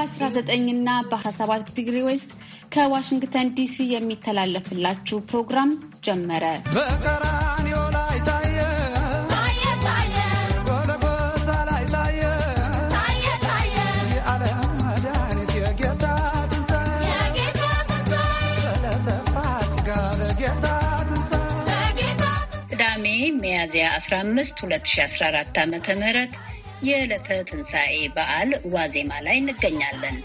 በ19 ና በ17 ዲግሪ ዌስት ከዋሽንግተን ዲሲ የሚተላለፍላችሁ ፕሮግራም ጀመረ። ቅዳሜ ሚያዝያ 15 2014 ዓ ም የዕለተ ትንሣኤ በዓል ዋዜማ ላይ እንገኛለን።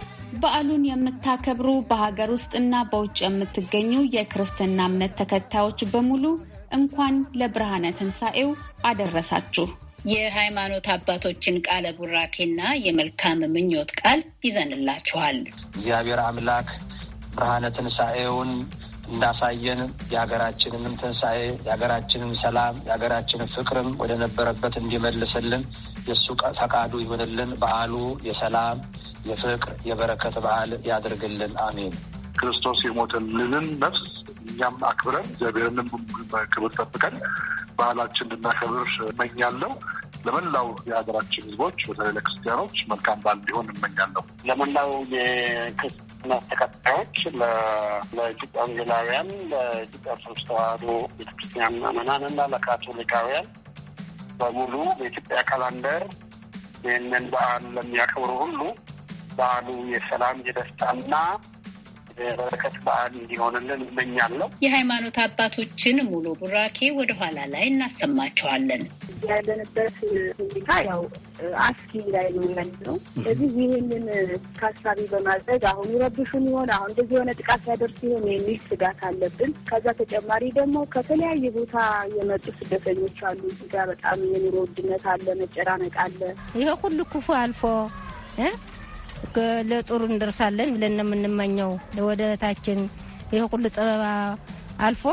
በዓሉን የምታከብሩ በሀገር ውስጥና በውጭ የምትገኙ የክርስትና እምነት ተከታዮች በሙሉ እንኳን ለብርሃነ ትንሣኤው አደረሳችሁ። የሃይማኖት አባቶችን ቃለ ቡራኬና የመልካም ምኞት ቃል ይዘንላችኋል። እግዚአብሔር አምላክ ብርሃነ ትንሣኤውን እንዳሳየን የሀገራችንንም ትንሣኤ የሀገራችንም ሰላም የሀገራችንን ፍቅርም ወደ ነበረበት እንዲመልስልን የእሱ ፈቃዱ ይሆንልን። በዓሉ የሰላም የፍቅር የበረከት በዓል ያድርግልን። አሜን። ክርስቶስ የሞተልንን ነፍስ እኛም አክብረን እግዚአብሔርንም ክብር ጠብቀን በዓላችን እንድናከብር እመኛለሁ። ለመላው የሀገራችን ህዝቦች በተለይ ለክርስቲያኖች መልካም በዓል እንዲሆን እመኛለሁ። ለመላው የክርስትና ተከታዮች፣ ለኢትዮጵያ ወንጌላውያን፣ ለኢትዮጵያ ኦርቶዶክስ ተዋህዶ ቤተክርስቲያን ምዕመናን እና ለካቶሊካውያን በሙሉ በኢትዮጵያ ካላንደር ይህንን በዓል ለሚያከብሩ ሁሉ በዓሉ የሰላም የደስታና በረከት በዓል እንዲሆንልን እመኛለሁ። የሃይማኖት አባቶችን ሙሉ ቡራኬ ወደ ኋላ ላይ እናሰማቸዋለን። ያለንበት ሁኔታ ያው አስኪ ላይ ነው ያለው። ስለዚህ ይህንን ታሳቢ በማድረግ አሁን ይረብሹን ይሆን አሁን እንደዚህ የሆነ ጥቃት ያደርሱ ይሆን የሚል ስጋት አለብን። ከዛ ተጨማሪ ደግሞ ከተለያየ ቦታ የመጡ ስደተኞች አሉ። እዚህ በጣም የኑሮ ውድነት አለ፣ መጨናነቅ አለ። ይሄ ሁሉ ክፉ አልፎ ለጥሩ እንደርሳለን ብለን ነው የምንመኘው። ለወደታችን ይህ ሁሉ ጥበባ አልፎ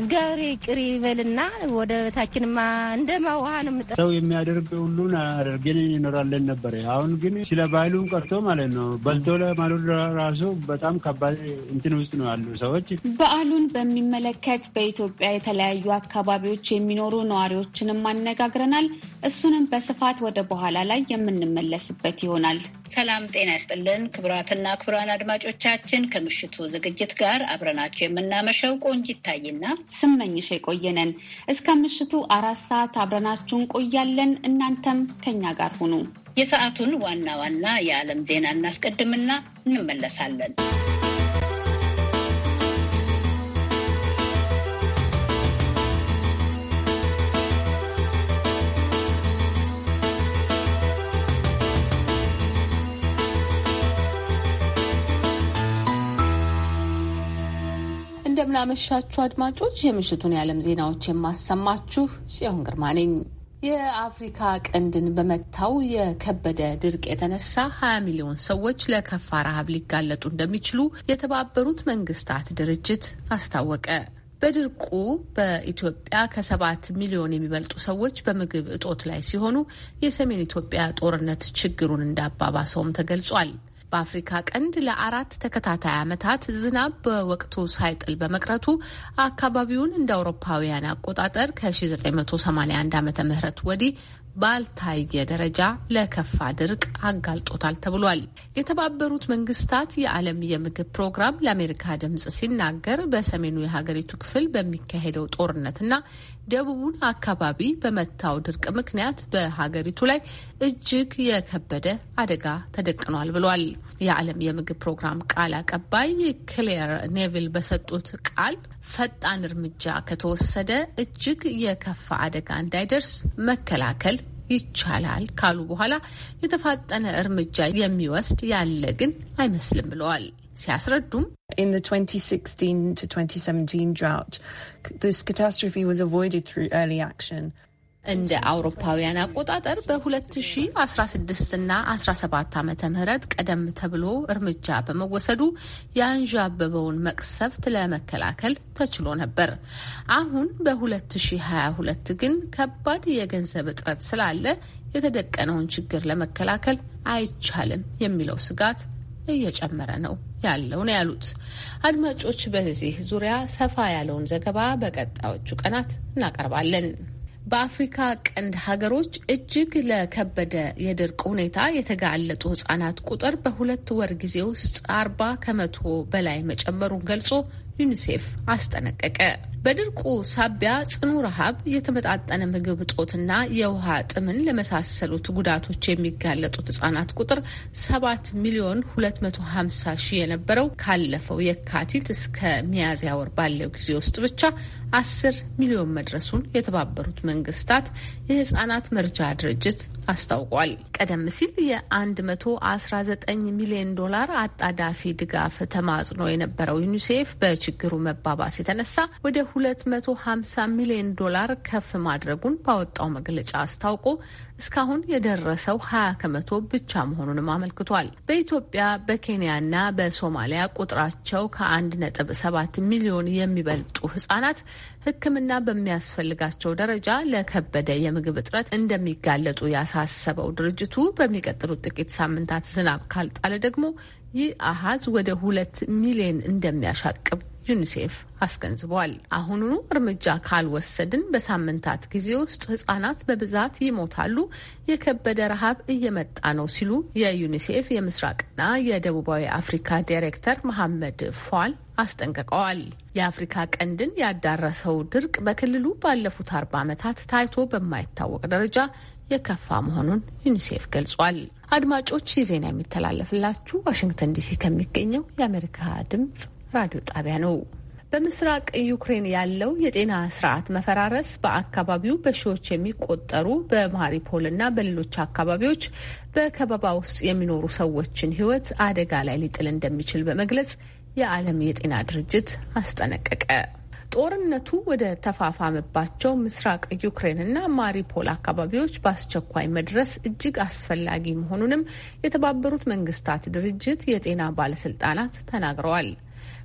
እግዚአብሔር ይቅር ይበልና ወደ ታችንማ እንደማ ውሃ ነው ምጠ ሰው የሚያደርግ ሁሉን አድርገን ይኖራለን ነበር። አሁን ግን ስለ ባህሉም ቀርቶ ማለት ነው በልቶ ለማለት ራሱ በጣም ከባድ እንትን ውስጥ ነው ያሉ ሰዎች። በዓሉን በሚመለከት በኢትዮጵያ የተለያዩ አካባቢዎች የሚኖሩ ነዋሪዎችንም አነጋግረናል። እሱንም በስፋት ወደ በኋላ ላይ የምንመለስበት ይሆናል። ሰላም ጤና ይስጥልን ክቡራትና ክቡራን አድማጮቻችን ከምሽቱ ዝግጅት ጋር አብረናቸው የምናመሸው ቆንጅ ይታይና ስመኝሽ የቆየነን እስከ ምሽቱ አራት ሰዓት አብረናችሁ እንቆያለን። እናንተም ከኛ ጋር ሁኑ። የሰዓቱን ዋና ዋና የዓለም ዜና እናስቀድምና እንመለሳለን። እንደምናመሻችሁ አድማጮች፣ የምሽቱን የዓለም ዜናዎች የማሰማችሁ ጽዮን ግርማ ነኝ። የአፍሪካ ቀንድን በመታው የከበደ ድርቅ የተነሳ 20 ሚሊዮን ሰዎች ለከፋ ረሃብ ሊጋለጡ እንደሚችሉ የተባበሩት መንግስታት ድርጅት አስታወቀ። በድርቁ በኢትዮጵያ ከሰባት ሚሊዮን የሚበልጡ ሰዎች በምግብ እጦት ላይ ሲሆኑ የሰሜን ኢትዮጵያ ጦርነት ችግሩን እንዳባባሰውም ተገልጿል። በአፍሪካ ቀንድ ለአራት ተከታታይ ዓመታት ዝናብ በወቅቱ ሳይጥል በመቅረቱ አካባቢውን እንደ አውሮፓውያን አቆጣጠር ከ1981 ዓመተ ምህረት ወዲህ ባልታየ ደረጃ ለከፋ ድርቅ አጋልጦታል ተብሏል። የተባበሩት መንግስታት የዓለም የምግብ ፕሮግራም ለአሜሪካ ድምጽ ሲናገር በሰሜኑ የሀገሪቱ ክፍል በሚካሄደው ጦርነትና ደቡቡን አካባቢ በመታው ድርቅ ምክንያት በሀገሪቱ ላይ እጅግ የከበደ አደጋ ተደቅኗል ብሏል። የዓለም የምግብ ፕሮግራም ቃል አቀባይ ክሌር ኔቪል በሰጡት ቃል ፈጣን እርምጃ ከተወሰደ እጅግ የከፋ አደጋ እንዳይደርስ መከላከል ይቻላል ካሉ በኋላ የተፋጠነ እርምጃ የሚወስድ ያለ ግን አይመስልም ብለዋል። ሲያስረዱም እንደ አውሮፓውያን አቆጣጠር በ2016 እና 17 ዓመተ ምህረት ቀደም ተብሎ እርምጃ በመወሰዱ የአንዣበበውን መቅሰፍት ለመከላከል ተችሎ ነበር። አሁን በ2022 ግን ከባድ የገንዘብ እጥረት ስላለ የተደቀነውን ችግር ለመከላከል አይቻልም የሚለው ስጋት እየጨመረ ነው ያለው ነው ያሉት። አድማጮች፣ በዚህ ዙሪያ ሰፋ ያለውን ዘገባ በቀጣዮቹ ቀናት እናቀርባለን። በአፍሪካ ቀንድ ሀገሮች እጅግ ለከበደ የድርቅ ሁኔታ የተጋለጡ ህጻናት ቁጥር በሁለት ወር ጊዜ ውስጥ አርባ ከመቶ በላይ መጨመሩን ገልጾ ዩኒሴፍ አስጠነቀቀ። በድርቁ ሳቢያ ጽኑ ረሃብ፣ የተመጣጠነ ምግብ እጦትና የውሃ ጥምን ለመሳሰሉት ጉዳቶች የሚጋለጡት ህጻናት ቁጥር 7 ሚሊዮን 250 ሺህ የነበረው ካለፈው የካቲት እስከ ሚያዝያ ወር ባለው ጊዜ ውስጥ ብቻ አስር ሚሊዮን መድረሱን የተባበሩት መንግስታት የህጻናት መርጃ ድርጅት አስታውቋል። ቀደም ሲል የ119 ሚሊዮን ዶላር አጣዳፊ ድጋፍ ተማጽኖ የነበረው ዩኒሴፍ በችግሩ መባባስ የተነሳ ወደ 250 ሚሊዮን ዶላር ከፍ ማድረጉን ባወጣው መግለጫ አስታውቆ እስካሁን የደረሰው ሀያ ከመቶ ብቻ መሆኑንም አመልክቷል። በኢትዮጵያ በኬንያና በሶማሊያ ቁጥራቸው ከአንድ ነጥብ ሰባት ሚሊዮን የሚበልጡ ህጻናት ሕክምና በሚያስፈልጋቸው ደረጃ ለከበደ የምግብ እጥረት እንደሚጋለጡ ያሳሰበው ድርጅቱ በሚቀጥሉት ጥቂት ሳምንታት ዝናብ ካልጣለ ደግሞ ይህ አሃዝ ወደ ሁለት ሚሊዮን እንደሚያሻቅብ ዩኒሴፍ አስገንዝቧል። አሁኑኑ እርምጃ ካልወሰድን በሳምንታት ጊዜ ውስጥ ህጻናት በብዛት ይሞታሉ፣ የከበደ ረሃብ እየመጣ ነው ሲሉ የዩኒሴፍ የምስራቅና የደቡባዊ አፍሪካ ዳይሬክተር መሐመድ ፏል አስጠንቅቀዋል። የአፍሪካ ቀንድን ያዳረሰው ድርቅ በክልሉ ባለፉት አርባ ዓመታት ታይቶ በማይታወቅ ደረጃ የከፋ መሆኑን ዩኒሴፍ ገልጿል። አድማጮች ይህ ዜና የሚተላለፍላችሁ ዋሽንግተን ዲሲ ከሚገኘው የአሜሪካ ድምጽ ራዲዮ ጣቢያ ነው። በምስራቅ ዩክሬን ያለው የጤና ስርዓት መፈራረስ በአካባቢው በሺዎች የሚቆጠሩ በማሪፖል እና በሌሎች አካባቢዎች በከበባ ውስጥ የሚኖሩ ሰዎችን ሕይወት አደጋ ላይ ሊጥል እንደሚችል በመግለጽ የዓለም የጤና ድርጅት አስጠነቀቀ። ጦርነቱ ወደ ተፋፋመባቸው ምስራቅ ዩክሬንና ማሪፖል አካባቢዎች በአስቸኳይ መድረስ እጅግ አስፈላጊ መሆኑንም የተባበሩት መንግስታት ድርጅት የጤና ባለስልጣናት ተናግረዋል።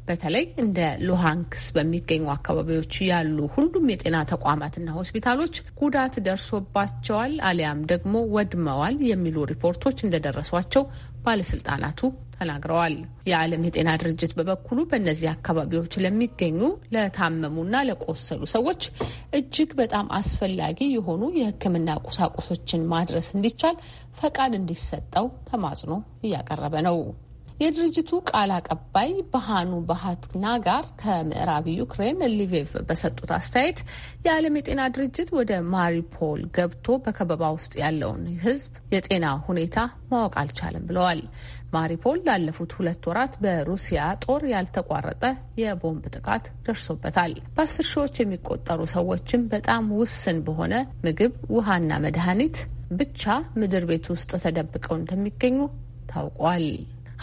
በተለይ እንደ ሉሃንክስ በሚገኙ አካባቢዎች ያሉ ሁሉም የጤና ተቋማትና ሆስፒታሎች ጉዳት ደርሶባቸዋል አሊያም ደግሞ ወድመዋል የሚሉ ሪፖርቶች እንደደረሷቸው ባለስልጣናቱ ተናግረዋል። የዓለም የጤና ድርጅት በበኩሉ በእነዚህ አካባቢዎች ለሚገኙ ለታመሙና ለቆሰሉ ሰዎች እጅግ በጣም አስፈላጊ የሆኑ የሕክምና ቁሳቁሶችን ማድረስ እንዲቻል ፈቃድ እንዲሰጠው ተማጽኖ እያቀረበ ነው። የድርጅቱ ቃል አቀባይ በሃኑ ባህትና ጋር ከምዕራብ ዩክሬን ሊቬቭ በሰጡት አስተያየት የዓለም የጤና ድርጅት ወደ ማሪፖል ገብቶ በከበባ ውስጥ ያለውን ሕዝብ የጤና ሁኔታ ማወቅ አልቻለም ብለዋል። ማሪፖል ላለፉት ሁለት ወራት በሩሲያ ጦር ያልተቋረጠ የቦምብ ጥቃት ደርሶበታል። በአስር ሺዎች የሚቆጠሩ ሰዎችም በጣም ውስን በሆነ ምግብ፣ ውሃና መድኃኒት ብቻ ምድር ቤት ውስጥ ተደብቀው እንደሚገኙ ታውቋል።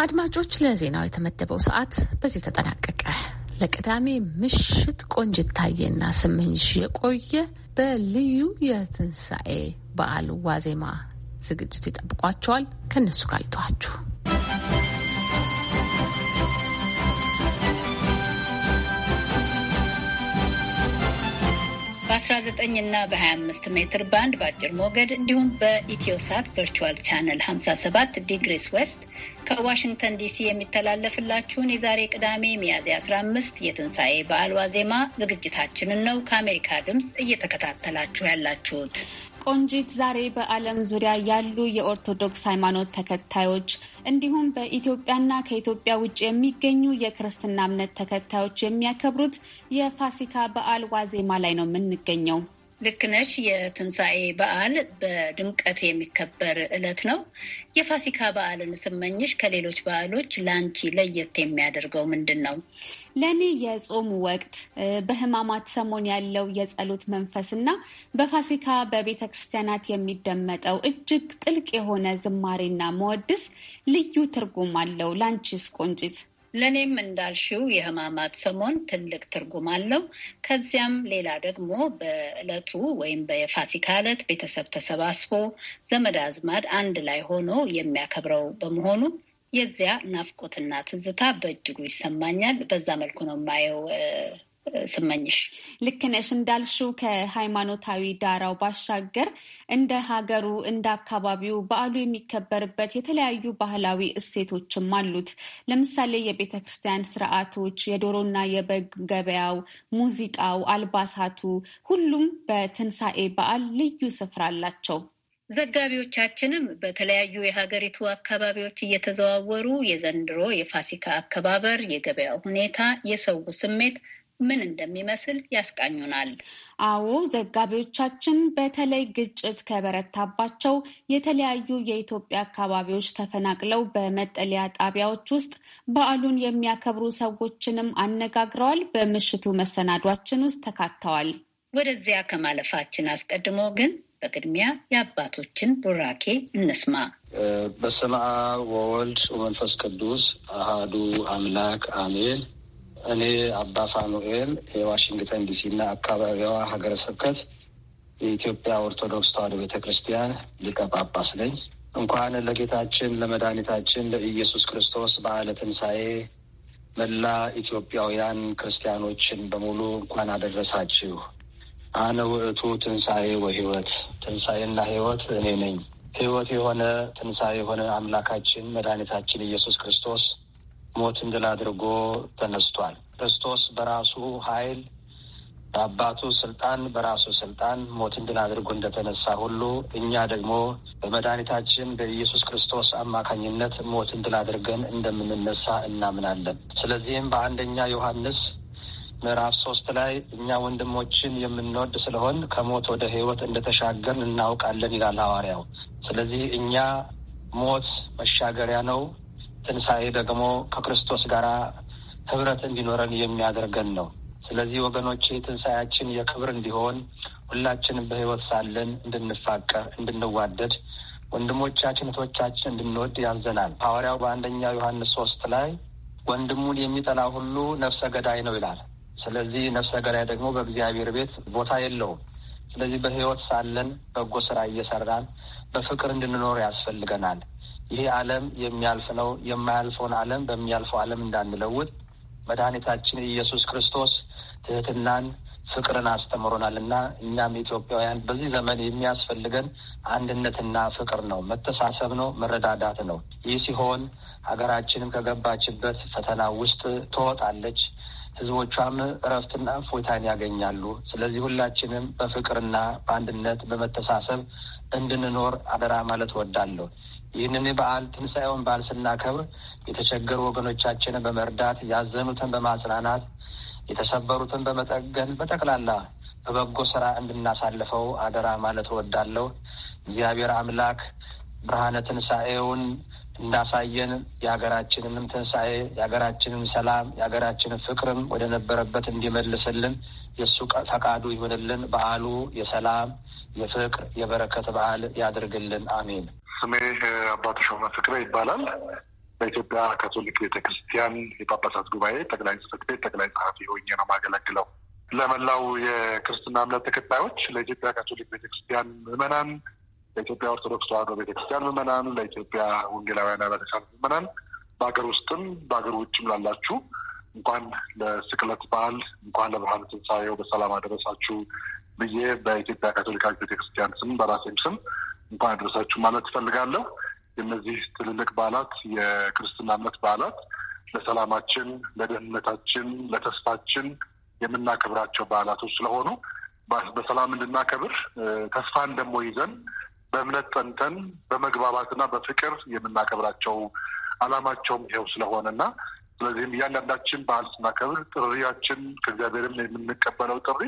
አድማጮች፣ ለዜናው የተመደበው ሰዓት በዚህ ተጠናቀቀ። ለቅዳሜ ምሽት ቆንጅ ታዬና ስምንሽ የቆየ በልዩ የትንሣኤ በዓል ዋዜማ ዝግጅት ይጠብቋቸዋል። ከእነሱ ጋር ልተዋችሁ። በ19 ና በ25 ሜትር ባንድ በአጭር ሞገድ እንዲሁም በኢትዮሳት ቨርቹዋል ቻነል 57 ዲግሪስ ዌስት ከዋሽንግተን ዲሲ የሚተላለፍላችሁን የዛሬ ቅዳሜ ሚያዝያ 15 የትንሣኤ በዓል ዋዜማ ዝግጅታችንን ነው ከአሜሪካ ድምፅ እየተከታተላችሁ ያላችሁት። ቆንጂት ዛሬ በዓለም ዙሪያ ያሉ የኦርቶዶክስ ሃይማኖት ተከታዮች እንዲሁም በኢትዮጵያና ከኢትዮጵያ ውጭ የሚገኙ የክርስትና እምነት ተከታዮች የሚያከብሩት የፋሲካ በዓል ዋዜማ ላይ ነው የምንገኘው። ልክ ነሽ። የትንሣኤ በዓል በድምቀት የሚከበር ዕለት ነው። የፋሲካ በዓልን ስመኝሽ ከሌሎች በዓሎች ለአንቺ ለየት የሚያደርገው ምንድን ነው? ለእኔ የጾሙ ወቅት በህማማት ሰሞን ያለው የጸሎት መንፈስ በፋሲካ በቤተ ክርስቲያናት የሚደመጠው እጅግ ጥልቅ የሆነ ዝማሬና መወድስ ልዩ ትርጉም አለው። ላንቺስ ቆንጂት? ለእኔም እንዳልሽው የህማማት ሰሞን ትልቅ ትርጉም አለው። ከዚያም ሌላ ደግሞ በእለቱ ወይም በፋሲካ ዕለት ቤተሰብ ተሰባስቦ ዘመድ አዝማድ አንድ ላይ ሆኖ የሚያከብረው በመሆኑ የዚያ ናፍቆትና ትዝታ በእጅጉ ይሰማኛል። በዛ መልኩ ነው የማየው። ስመኝሽ ልክ ነሽ። እንዳልሽው ከሃይማኖታዊ ዳራው ባሻገር እንደ ሀገሩ እንደ አካባቢው በዓሉ የሚከበርበት የተለያዩ ባህላዊ እሴቶችም አሉት። ለምሳሌ የቤተ ክርስቲያን ስርዓቶች፣ የዶሮና የበግ ገበያው፣ ሙዚቃው፣ አልባሳቱ ሁሉም በትንሣኤ በዓል ልዩ ስፍራ አላቸው። ዘጋቢዎቻችንም በተለያዩ የሀገሪቱ አካባቢዎች እየተዘዋወሩ የዘንድሮ የፋሲካ አከባበር፣ የገበያው ሁኔታ፣ የሰው ስሜት ምን እንደሚመስል ያስቃኙናል። አዎ ዘጋቢዎቻችን በተለይ ግጭት ከበረታባቸው የተለያዩ የኢትዮጵያ አካባቢዎች ተፈናቅለው በመጠለያ ጣቢያዎች ውስጥ በዓሉን የሚያከብሩ ሰዎችንም አነጋግረዋል። በምሽቱ መሰናዷችን ውስጥ ተካተዋል። ወደዚያ ከማለፋችን አስቀድሞ ግን በቅድሚያ የአባቶችን ቡራኬ እንስማ። በስመ አብ ወወልድ ወመንፈስ ቅዱስ አሃዱ አምላክ አሜን። እኔ አባ ፋኑኤል የዋሽንግተን ዲሲና አካባቢዋ ሀገረ ስብከት የኢትዮጵያ ኦርቶዶክስ ተዋሕዶ ቤተ ክርስቲያን ሊቀ ጳጳስ ነኝ። እንኳን ለጌታችን ለመድኃኒታችን ለኢየሱስ ክርስቶስ በዓለ ትንሣኤ መላ ኢትዮጵያውያን ክርስቲያኖችን በሙሉ እንኳን አደረሳችሁ። አነ ውእቱ ትንሣኤ ወሕይወት፣ ትንሣኤና ህይወት እኔ ነኝ። ህይወት የሆነ ትንሣኤ የሆነ አምላካችን መድኃኒታችን ኢየሱስ ክርስቶስ ሞትን ድል አድርጎ ተነስቷል። ክርስቶስ በራሱ ኃይል በአባቱ ስልጣን በራሱ ስልጣን ሞትን ድል አድርጎ እንደተነሳ ሁሉ እኛ ደግሞ በመድኃኒታችን በኢየሱስ ክርስቶስ አማካኝነት ሞትን ድል አድርገን እንደምንነሳ እናምናለን። ስለዚህም በአንደኛ ዮሐንስ ምዕራፍ ሶስት ላይ እኛ ወንድሞችን የምንወድ ስለሆን ከሞት ወደ ህይወት እንደተሻገርን እናውቃለን ይላል ሐዋርያው። ስለዚህ እኛ ሞት መሻገሪያ ነው፣ ትንሣኤ ደግሞ ከክርስቶስ ጋር ህብረት እንዲኖረን የሚያደርገን ነው። ስለዚህ ወገኖቼ ትንሣኤያችን የክብር እንዲሆን ሁላችንም በህይወት ሳለን እንድንፋቀር፣ እንድንዋደድ ወንድሞቻችን እህቶቻችን እንድንወድ ያዘናል። ሐዋርያው በአንደኛ ዮሐንስ ሶስት ላይ ወንድሙን የሚጠላ ሁሉ ነፍሰ ገዳይ ነው ይላል። ስለዚህ ነፍሰ ገዳይ ደግሞ በእግዚአብሔር ቤት ቦታ የለውም። ስለዚህ በህይወት ሳለን በጎ ስራ እየሰራን በፍቅር እንድንኖር ያስፈልገናል። ይሄ ዓለም የሚያልፍ ነው። የማያልፈውን ዓለም በሚያልፈው ዓለም እንዳንለውጥ መድኃኒታችን ኢየሱስ ክርስቶስ ትህትናን፣ ፍቅርን አስተምሮናል እና እኛም ኢትዮጵያውያን በዚህ ዘመን የሚያስፈልገን አንድነትና ፍቅር ነው፣ መተሳሰብ ነው፣ መረዳዳት ነው። ይህ ሲሆን ሀገራችንም ከገባችበት ፈተና ውስጥ ትወጣለች። ህዝቦቿም እረፍትና እፎይታን ያገኛሉ። ስለዚህ ሁላችንም በፍቅርና በአንድነት በመተሳሰብ እንድንኖር አደራ ማለት ወዳለሁ። ይህንን በዓል ትንሣኤውን በዓል ስናከብር የተቸገሩ ወገኖቻችንን በመርዳት ያዘኑትን በማጽናናት የተሰበሩትን በመጠገን በጠቅላላ በበጎ ስራ እንድናሳልፈው አደራ ማለት ወዳለሁ። እግዚአብሔር አምላክ ብርሃነ ትንሣኤውን እንዳሳየን የሀገራችንንም ትንሣኤ የሀገራችንም ሰላም የሀገራችንን ፍቅርም ወደ ነበረበት እንዲመልስልን የእሱ ፈቃዱ ይሆንልን። በዓሉ የሰላም የፍቅር፣ የበረከት በዓል ያድርግልን። አሜን። ስሜ አባ ተሾመ ፍቅሬ ይባላል። በኢትዮጵያ ካቶሊክ ቤተ ክርስቲያን የጳጳሳት ጉባኤ ጠቅላይ ጽሕፈት ቤት ጠቅላይ ጸሐፊ ሆኜ ነው ማገለግለው። ለመላው የክርስትና እምነት ተከታዮች ለኢትዮጵያ ካቶሊክ ቤተ ክርስቲያን ምዕመናን ለኢትዮጵያ ኦርቶዶክስ ተዋህዶ ቤተክርስቲያን ምዕመናን፣ ለኢትዮጵያ ወንጌላውያን አብያተ ምዕመናን በሀገር ውስጥም በሀገር ውጭም ላላችሁ እንኳን ለስቅለት በዓል እንኳን ለብርሃነ ትንሣኤው በሰላም አደረሳችሁ ብዬ በኢትዮጵያ ካቶሊካዊት ቤተክርስቲያን ስም በራሴም ስም እንኳን አደረሳችሁ ማለት ትፈልጋለሁ። የእነዚህ ትልልቅ በዓላት የክርስትና እምነት በዓላት ለሰላማችን፣ ለደህንነታችን፣ ለተስፋችን የምናከብራቸው በዓላቶች ስለሆኑ በሰላም እንድናከብር ተስፋን ደግሞ ይዘን በእምነት ጠንተን በመግባባትና በፍቅር የምናከብራቸው አላማቸውም ይኸው ስለሆነና ስለዚህም እያንዳንዳችን በዓል ስናከብር ጥሪያችን ከእግዚአብሔርም የምንቀበለው ጥሪ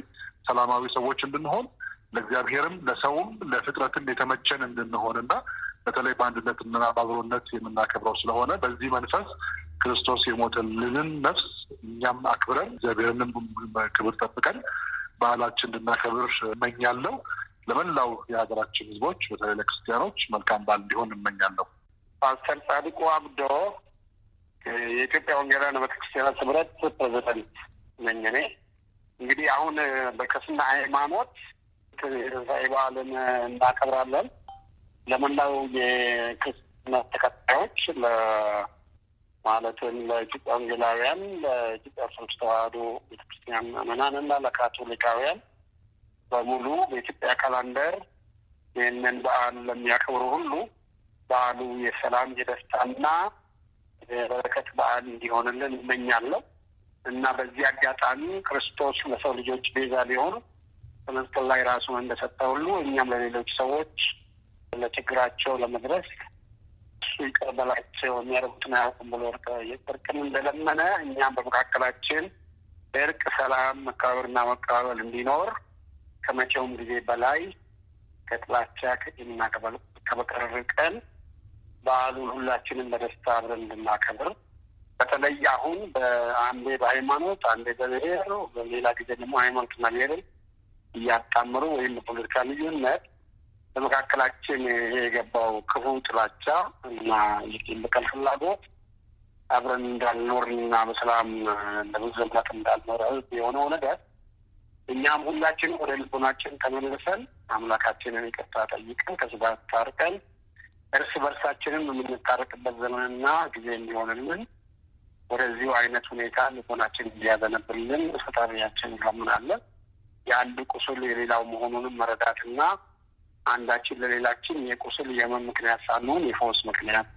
ሰላማዊ ሰዎች እንድንሆን ለእግዚአብሔርም ለሰውም ለፍጥረትም የተመቸን እንድንሆንና በተለይ በአንድነትና በአብሮነት የምናከብረው ስለሆነ በዚህ መንፈስ ክርስቶስ የሞተልንን ነፍስ እኛም አክብረን እግዚአብሔርንም ክብር ጠብቀን በዓላችን እንድናከብር እመኛለሁ። ለመላው የሀገራችን ህዝቦች በተለይ ለክርስቲያኖች መልካም በዓል እንዲሆን እመኛለሁ። ፓስተር ጻድቁ አብዶ የኢትዮጵያ ወንጌላውያን ቤተክርስቲያናት ህብረት ፕሬዚደንት ነኝ። እኔ እንግዲህ አሁን በክርስትና ሃይማኖት ትንሣኤ በዓልን እናከብራለን። ለመላው የክርስትና ተከታዮች ማለትም ለኢትዮጵያ ወንጌላውያን፣ ለኢትዮጵያ ኦርቶዶክስ ተዋህዶ ቤተክርስቲያን ምዕመናን እና ለካቶሊካውያን በሙሉ በኢትዮጵያ ካላንደር ይህንን በዓል ለሚያከብሩ ሁሉ በዓሉ የሰላም የደስታና የበረከት በዓል እንዲሆንልን እመኛለሁ እና በዚህ አጋጣሚ ክርስቶስ ለሰው ልጆች ቤዛ ሊሆን በመስቀል ላይ ራሱን እንደሰጠ ሁሉ እኛም ለሌሎች ሰዎች ለችግራቸው ለመድረስ እሱ ይቅር በላቸው የሚያደርጉትን አያውቁም ብሎ እርቅን እንደለመነ እኛም በመካከላችን እርቅ፣ ሰላም መከባበርና መቀባበል እንዲኖር ከመቼውም ጊዜ በላይ ከጥላቻ ከቂምና ከበቀል ርቀን በዓሉን ሁላችንም በደስታ አብረን እንድናከብር በተለይ አሁን በአንዴ በሃይማኖት አንዴ በብሔር በሌላ ጊዜ ደግሞ ሃይማኖትና ብሔርን እያጣምሩ ወይም በፖለቲካ ልዩነት በመካከላችን የገባው ክፉ ጥላቻ እና የቂም በቀል ፍላጎት አብረን እንዳልኖርና በሰላም ለብዙ ዘመናት እንዳልኖረ የሆነው ነገር እኛም ሁላችን ወደ ልቦናችን ተመልሰን አምላካችንን ይቅርታ ጠይቀን ከስጋት ታርቀን እርስ በርሳችንም የምንታረቅበት ዘመንና ጊዜ እንዲሆንልን ወደዚሁ አይነት ሁኔታ ልቦናችን እንዲያዘነብልን ፈጣሪያችን እንለምናለን። የአንድ ቁስል የሌላው መሆኑንም መረዳትና አንዳችን ለሌላችን የቁስል የመን ምክንያት ሳንሆን የፈውስ ምክንያት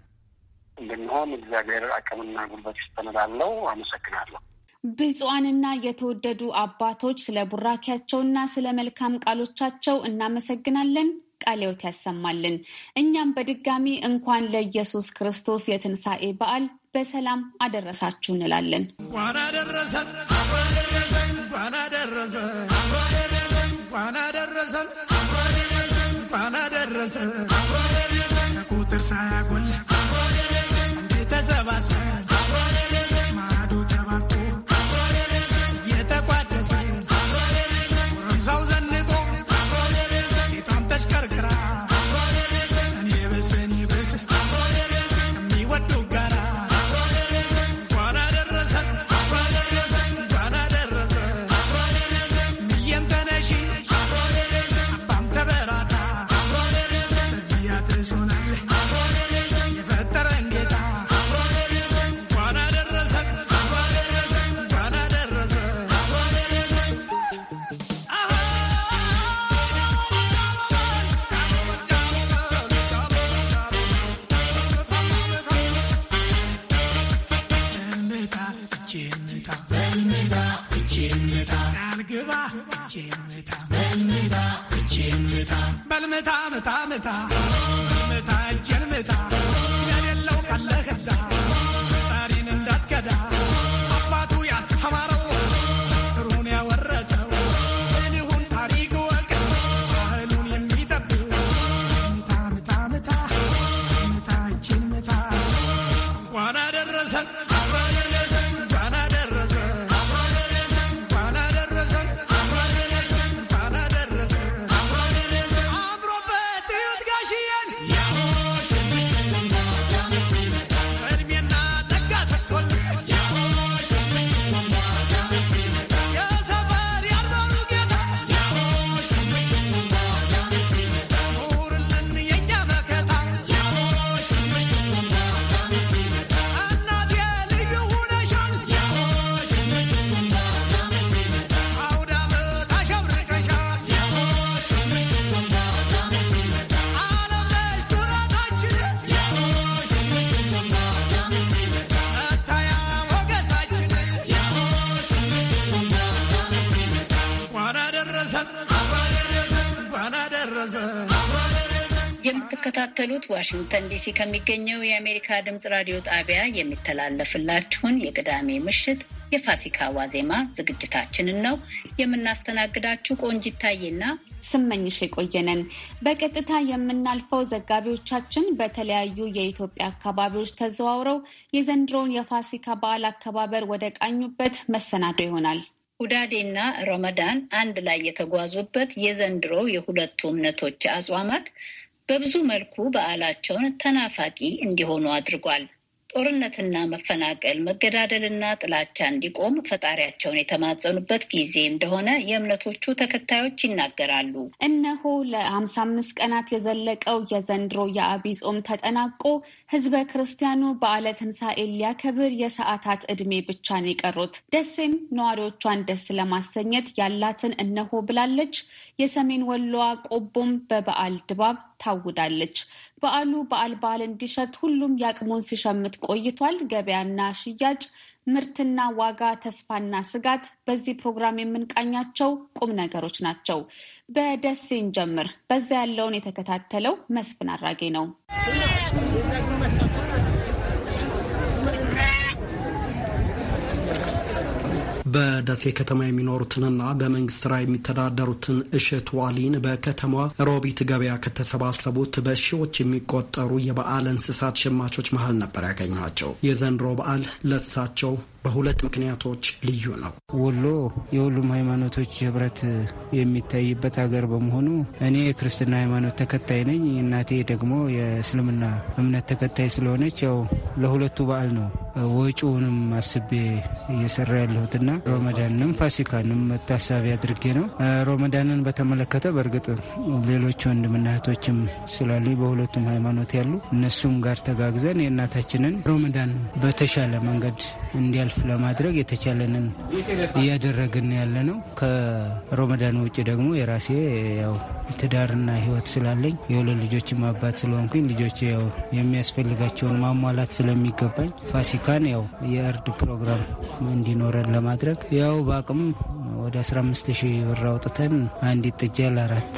እንድንሆን እግዚአብሔር አቅምና ጉልበት ይስጠን አመሰግናለሁ። ብፁዓንና የተወደዱ አባቶች ስለ ቡራኪያቸውና ስለ መልካም ቃሎቻቸው እናመሰግናለን። ቃሌዎት ያሰማልን። እኛም በድጋሚ እንኳን ለኢየሱስ ክርስቶስ የትንሣኤ በዓል በሰላም አደረሳችሁ እንላለን። ቁጥር ሳያጎል dancing. የምትከታተሉት ዋሽንግተን ዲሲ ከሚገኘው የአሜሪካ ድምፅ ራዲዮ ጣቢያ የሚተላለፍላችሁን የቅዳሜ ምሽት የፋሲካ ዋዜማ ዝግጅታችንን ነው የምናስተናግዳችሁ። ቆንጂት ታዬና ስመኝሽ የቆየነን በቀጥታ የምናልፈው ዘጋቢዎቻችን በተለያዩ የኢትዮጵያ አካባቢዎች ተዘዋውረው የዘንድሮውን የፋሲካ በዓል አከባበር ወደ ቃኙበት መሰናዶ ይሆናል። ሁዳዴና ረመዳን አንድ ላይ የተጓዙበት የዘንድሮው የሁለቱ እምነቶች አጽዋማት በብዙ መልኩ በዓላቸውን ተናፋቂ እንዲሆኑ አድርጓል። ጦርነትና መፈናቀል፣ መገዳደልና ጥላቻ እንዲቆም ፈጣሪያቸውን የተማጸኑበት ጊዜ እንደሆነ የእምነቶቹ ተከታዮች ይናገራሉ። እነሆ ለአምሳ አምስት ቀናት የዘለቀው የዘንድሮ የአብይ ጾም ተጠናቆ ህዝበ ክርስቲያኑ በዓለ ትንሣኤ ሊያከብር የሰዓታት ዕድሜ ብቻ ነው የቀሩት። ደሴም ነዋሪዎቿን ደስ ለማሰኘት ያላትን እነሆ ብላለች። የሰሜን ወሎዋ ቆቦም በበዓል ድባብ ታውዳለች። በዓሉ በዓል በዓል እንዲሸት ሁሉም የአቅሙን ሲሸምት ቆይቷል። ገበያና ሽያጭ፣ ምርትና ዋጋ፣ ተስፋና ስጋት በዚህ ፕሮግራም የምንቃኛቸው ቁም ነገሮች ናቸው። በደሴን ጀምር በዛ ያለውን የተከታተለው መስፍን አራጌ ነው። በደሴ ከተማ የሚኖሩትንና በመንግስት ስራ የሚተዳደሩትን እሸት ዋሊን በከተማ ሮቢት ገበያ ከተሰባሰቡት በሺዎች የሚቆጠሩ የበዓል እንስሳት ሸማቾች መሀል ነበር ያገኟቸው። የዘንድሮ በዓል ለሳቸው በሁለት ምክንያቶች ልዩ ነው። ወሎ የሁሉም ሃይማኖቶች ህብረት የሚታይበት ሀገር በመሆኑ እኔ የክርስትና ሃይማኖት ተከታይ ነኝ። እናቴ ደግሞ የእስልምና እምነት ተከታይ ስለሆነች ያው ለሁለቱ በዓል ነው ወጪውንም አስቤ እየሰራ ያለሁትና ሮመዳንም ፋሲካንም መታሳቢ አድርጌ ነው። ሮመዳንን በተመለከተ በእርግጥ ሌሎች ወንድምና እህቶችም ስላሉ በሁለቱም ሃይማኖት ያሉ እነሱም ጋር ተጋግዘን የእናታችንን ሮመዳን በተሻለ መንገድ እንዲያል እንዲደርስ ለማድረግ የተቻለንን እያደረግን ያለ ነው። ከሮመዳን ውጭ ደግሞ የራሴ ያው ትዳርና ህይወት ስላለኝ የሁለት ልጆች አባት ስለሆንኩኝ ልጆች ያው የሚያስፈልጋቸውን ማሟላት ስለሚገባኝ ፋሲካን ያው የእርድ ፕሮግራም እንዲኖረን ለማድረግ ያው በአቅም ወደ 15 ሺህ ብር አውጥተን አንዲት ጥጃ ለአራት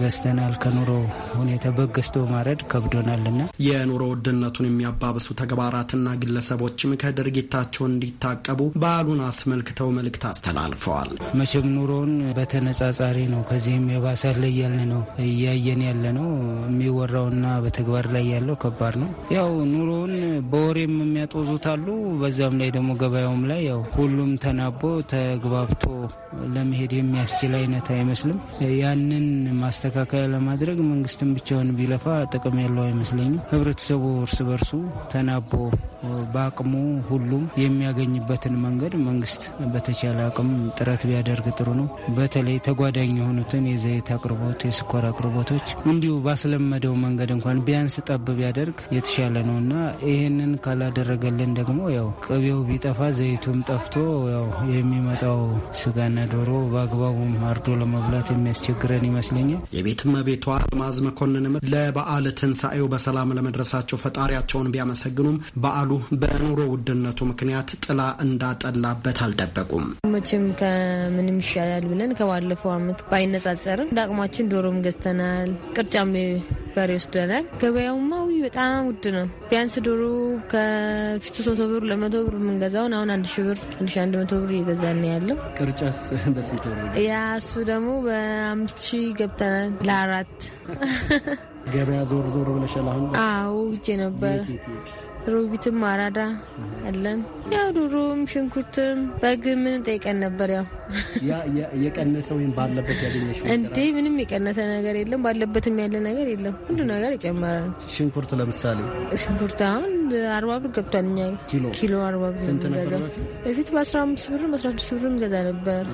ገዝተናል። ከኑሮ ሁኔታ በገዝቶ ማረድ ከብዶናልና የኑሮ ውድነቱን የሚያባብሱ ተግባራትና ግለሰቦችም ከድርጊታቸው እንዲታቀቡ በዓሉን አስመልክተው መልእክት አስተላልፈዋል። መቼም ኑሮውን በተነጻጻሪ ነው። ከዚህም የባሰት ላይ ነው እያየን ያለ ነው። የሚወራውና በተግባር ላይ ያለው ከባድ ነው። ያው ኑሮውን በወሬም የሚያጦዙት አሉ። በዛም ላይ ደግሞ ገበያውም ላይ ያው ሁሉም ተናቦ ተግባብቶ ለመሄድ የሚያስችል አይነት አይመስልም። ያንን ማ ማስተካከያ ለማድረግ መንግስትን ብቻውን ቢለፋ ጥቅም ያለው አይመስለኝም። ህብረተሰቡ እርስ በርሱ ተናቦ በአቅሙ ሁሉም የሚያገኝበትን መንገድ መንግስት በተቻለ አቅም ጥረት ቢያደርግ ጥሩ ነው። በተለይ ተጓዳኝ የሆኑትን የዘይት አቅርቦት፣ የስኳር አቅርቦቶች እንዲሁ ባስለመደው መንገድ እንኳን ቢያንስ ጠብ ቢያደርግ የተሻለ ነው እና ይህንን ካላደረገልን ደግሞ ያው ቅቤው ቢጠፋ ዘይቱም ጠፍቶ ያው የሚመጣው ስጋና ዶሮ በአግባቡም አርዶ ለመብላት የሚያስቸግረን ይመስለኛል። የቤትማ ቤቷ አልማዝ መኮንንም ለበዓለ ትንሣኤው በሰላም ለመድረሳቸው ፈጣሪያቸውን ቢያመሰግኑም በዓሉ በኑሮ ውድነቱ ምክንያት ጥላ እንዳጠላበት አልደበቁም። መቼም ከምንም ይሻላል ብለን ከባለፈው ዓመት ባይነጻጸርም እንደ አቅማችን ዶሮም ገዝተናል፣ ቅርጫም ነበር ይወስደናል። ማዊ በጣም ውድ ነው። ቢያንስ ዶሮ ከፊት መቶ ብር ለመቶ ብር የምንገዛውን አሁን አንድ ሺ ብር አንድ ሺ አንድ መቶ ብር እየገዛን ያለው። ቅርጫስ በስንት ብር? ያ እሱ ደግሞ በአምስት ሺ ገብተናል ለአራት ገበያ ዞር ዞር ብለሻል? አሁን አዎ ውጭ ነበር ሮቢትም አራዳ አለን። ያው ዶሮም ሽንኩርትም በግ ምን ጠይቀን ነበር። ያው የቀነሰ ወይም ባለበት ያገኘሽ እንዴ? ምንም የቀነሰ ነገር የለም። ባለበትም ያለ ነገር የለም። ሁሉ ነገር የጨመረ ነው። ሽንኩርት ለምሳሌ ሽንኩርት አሁን አርባ ብር ገብቷል። እኛ ኪሎ አርባ ብር በፊት በአስራ አምስት ብር በአስራ ስድስት ብር ገዛ ነበር።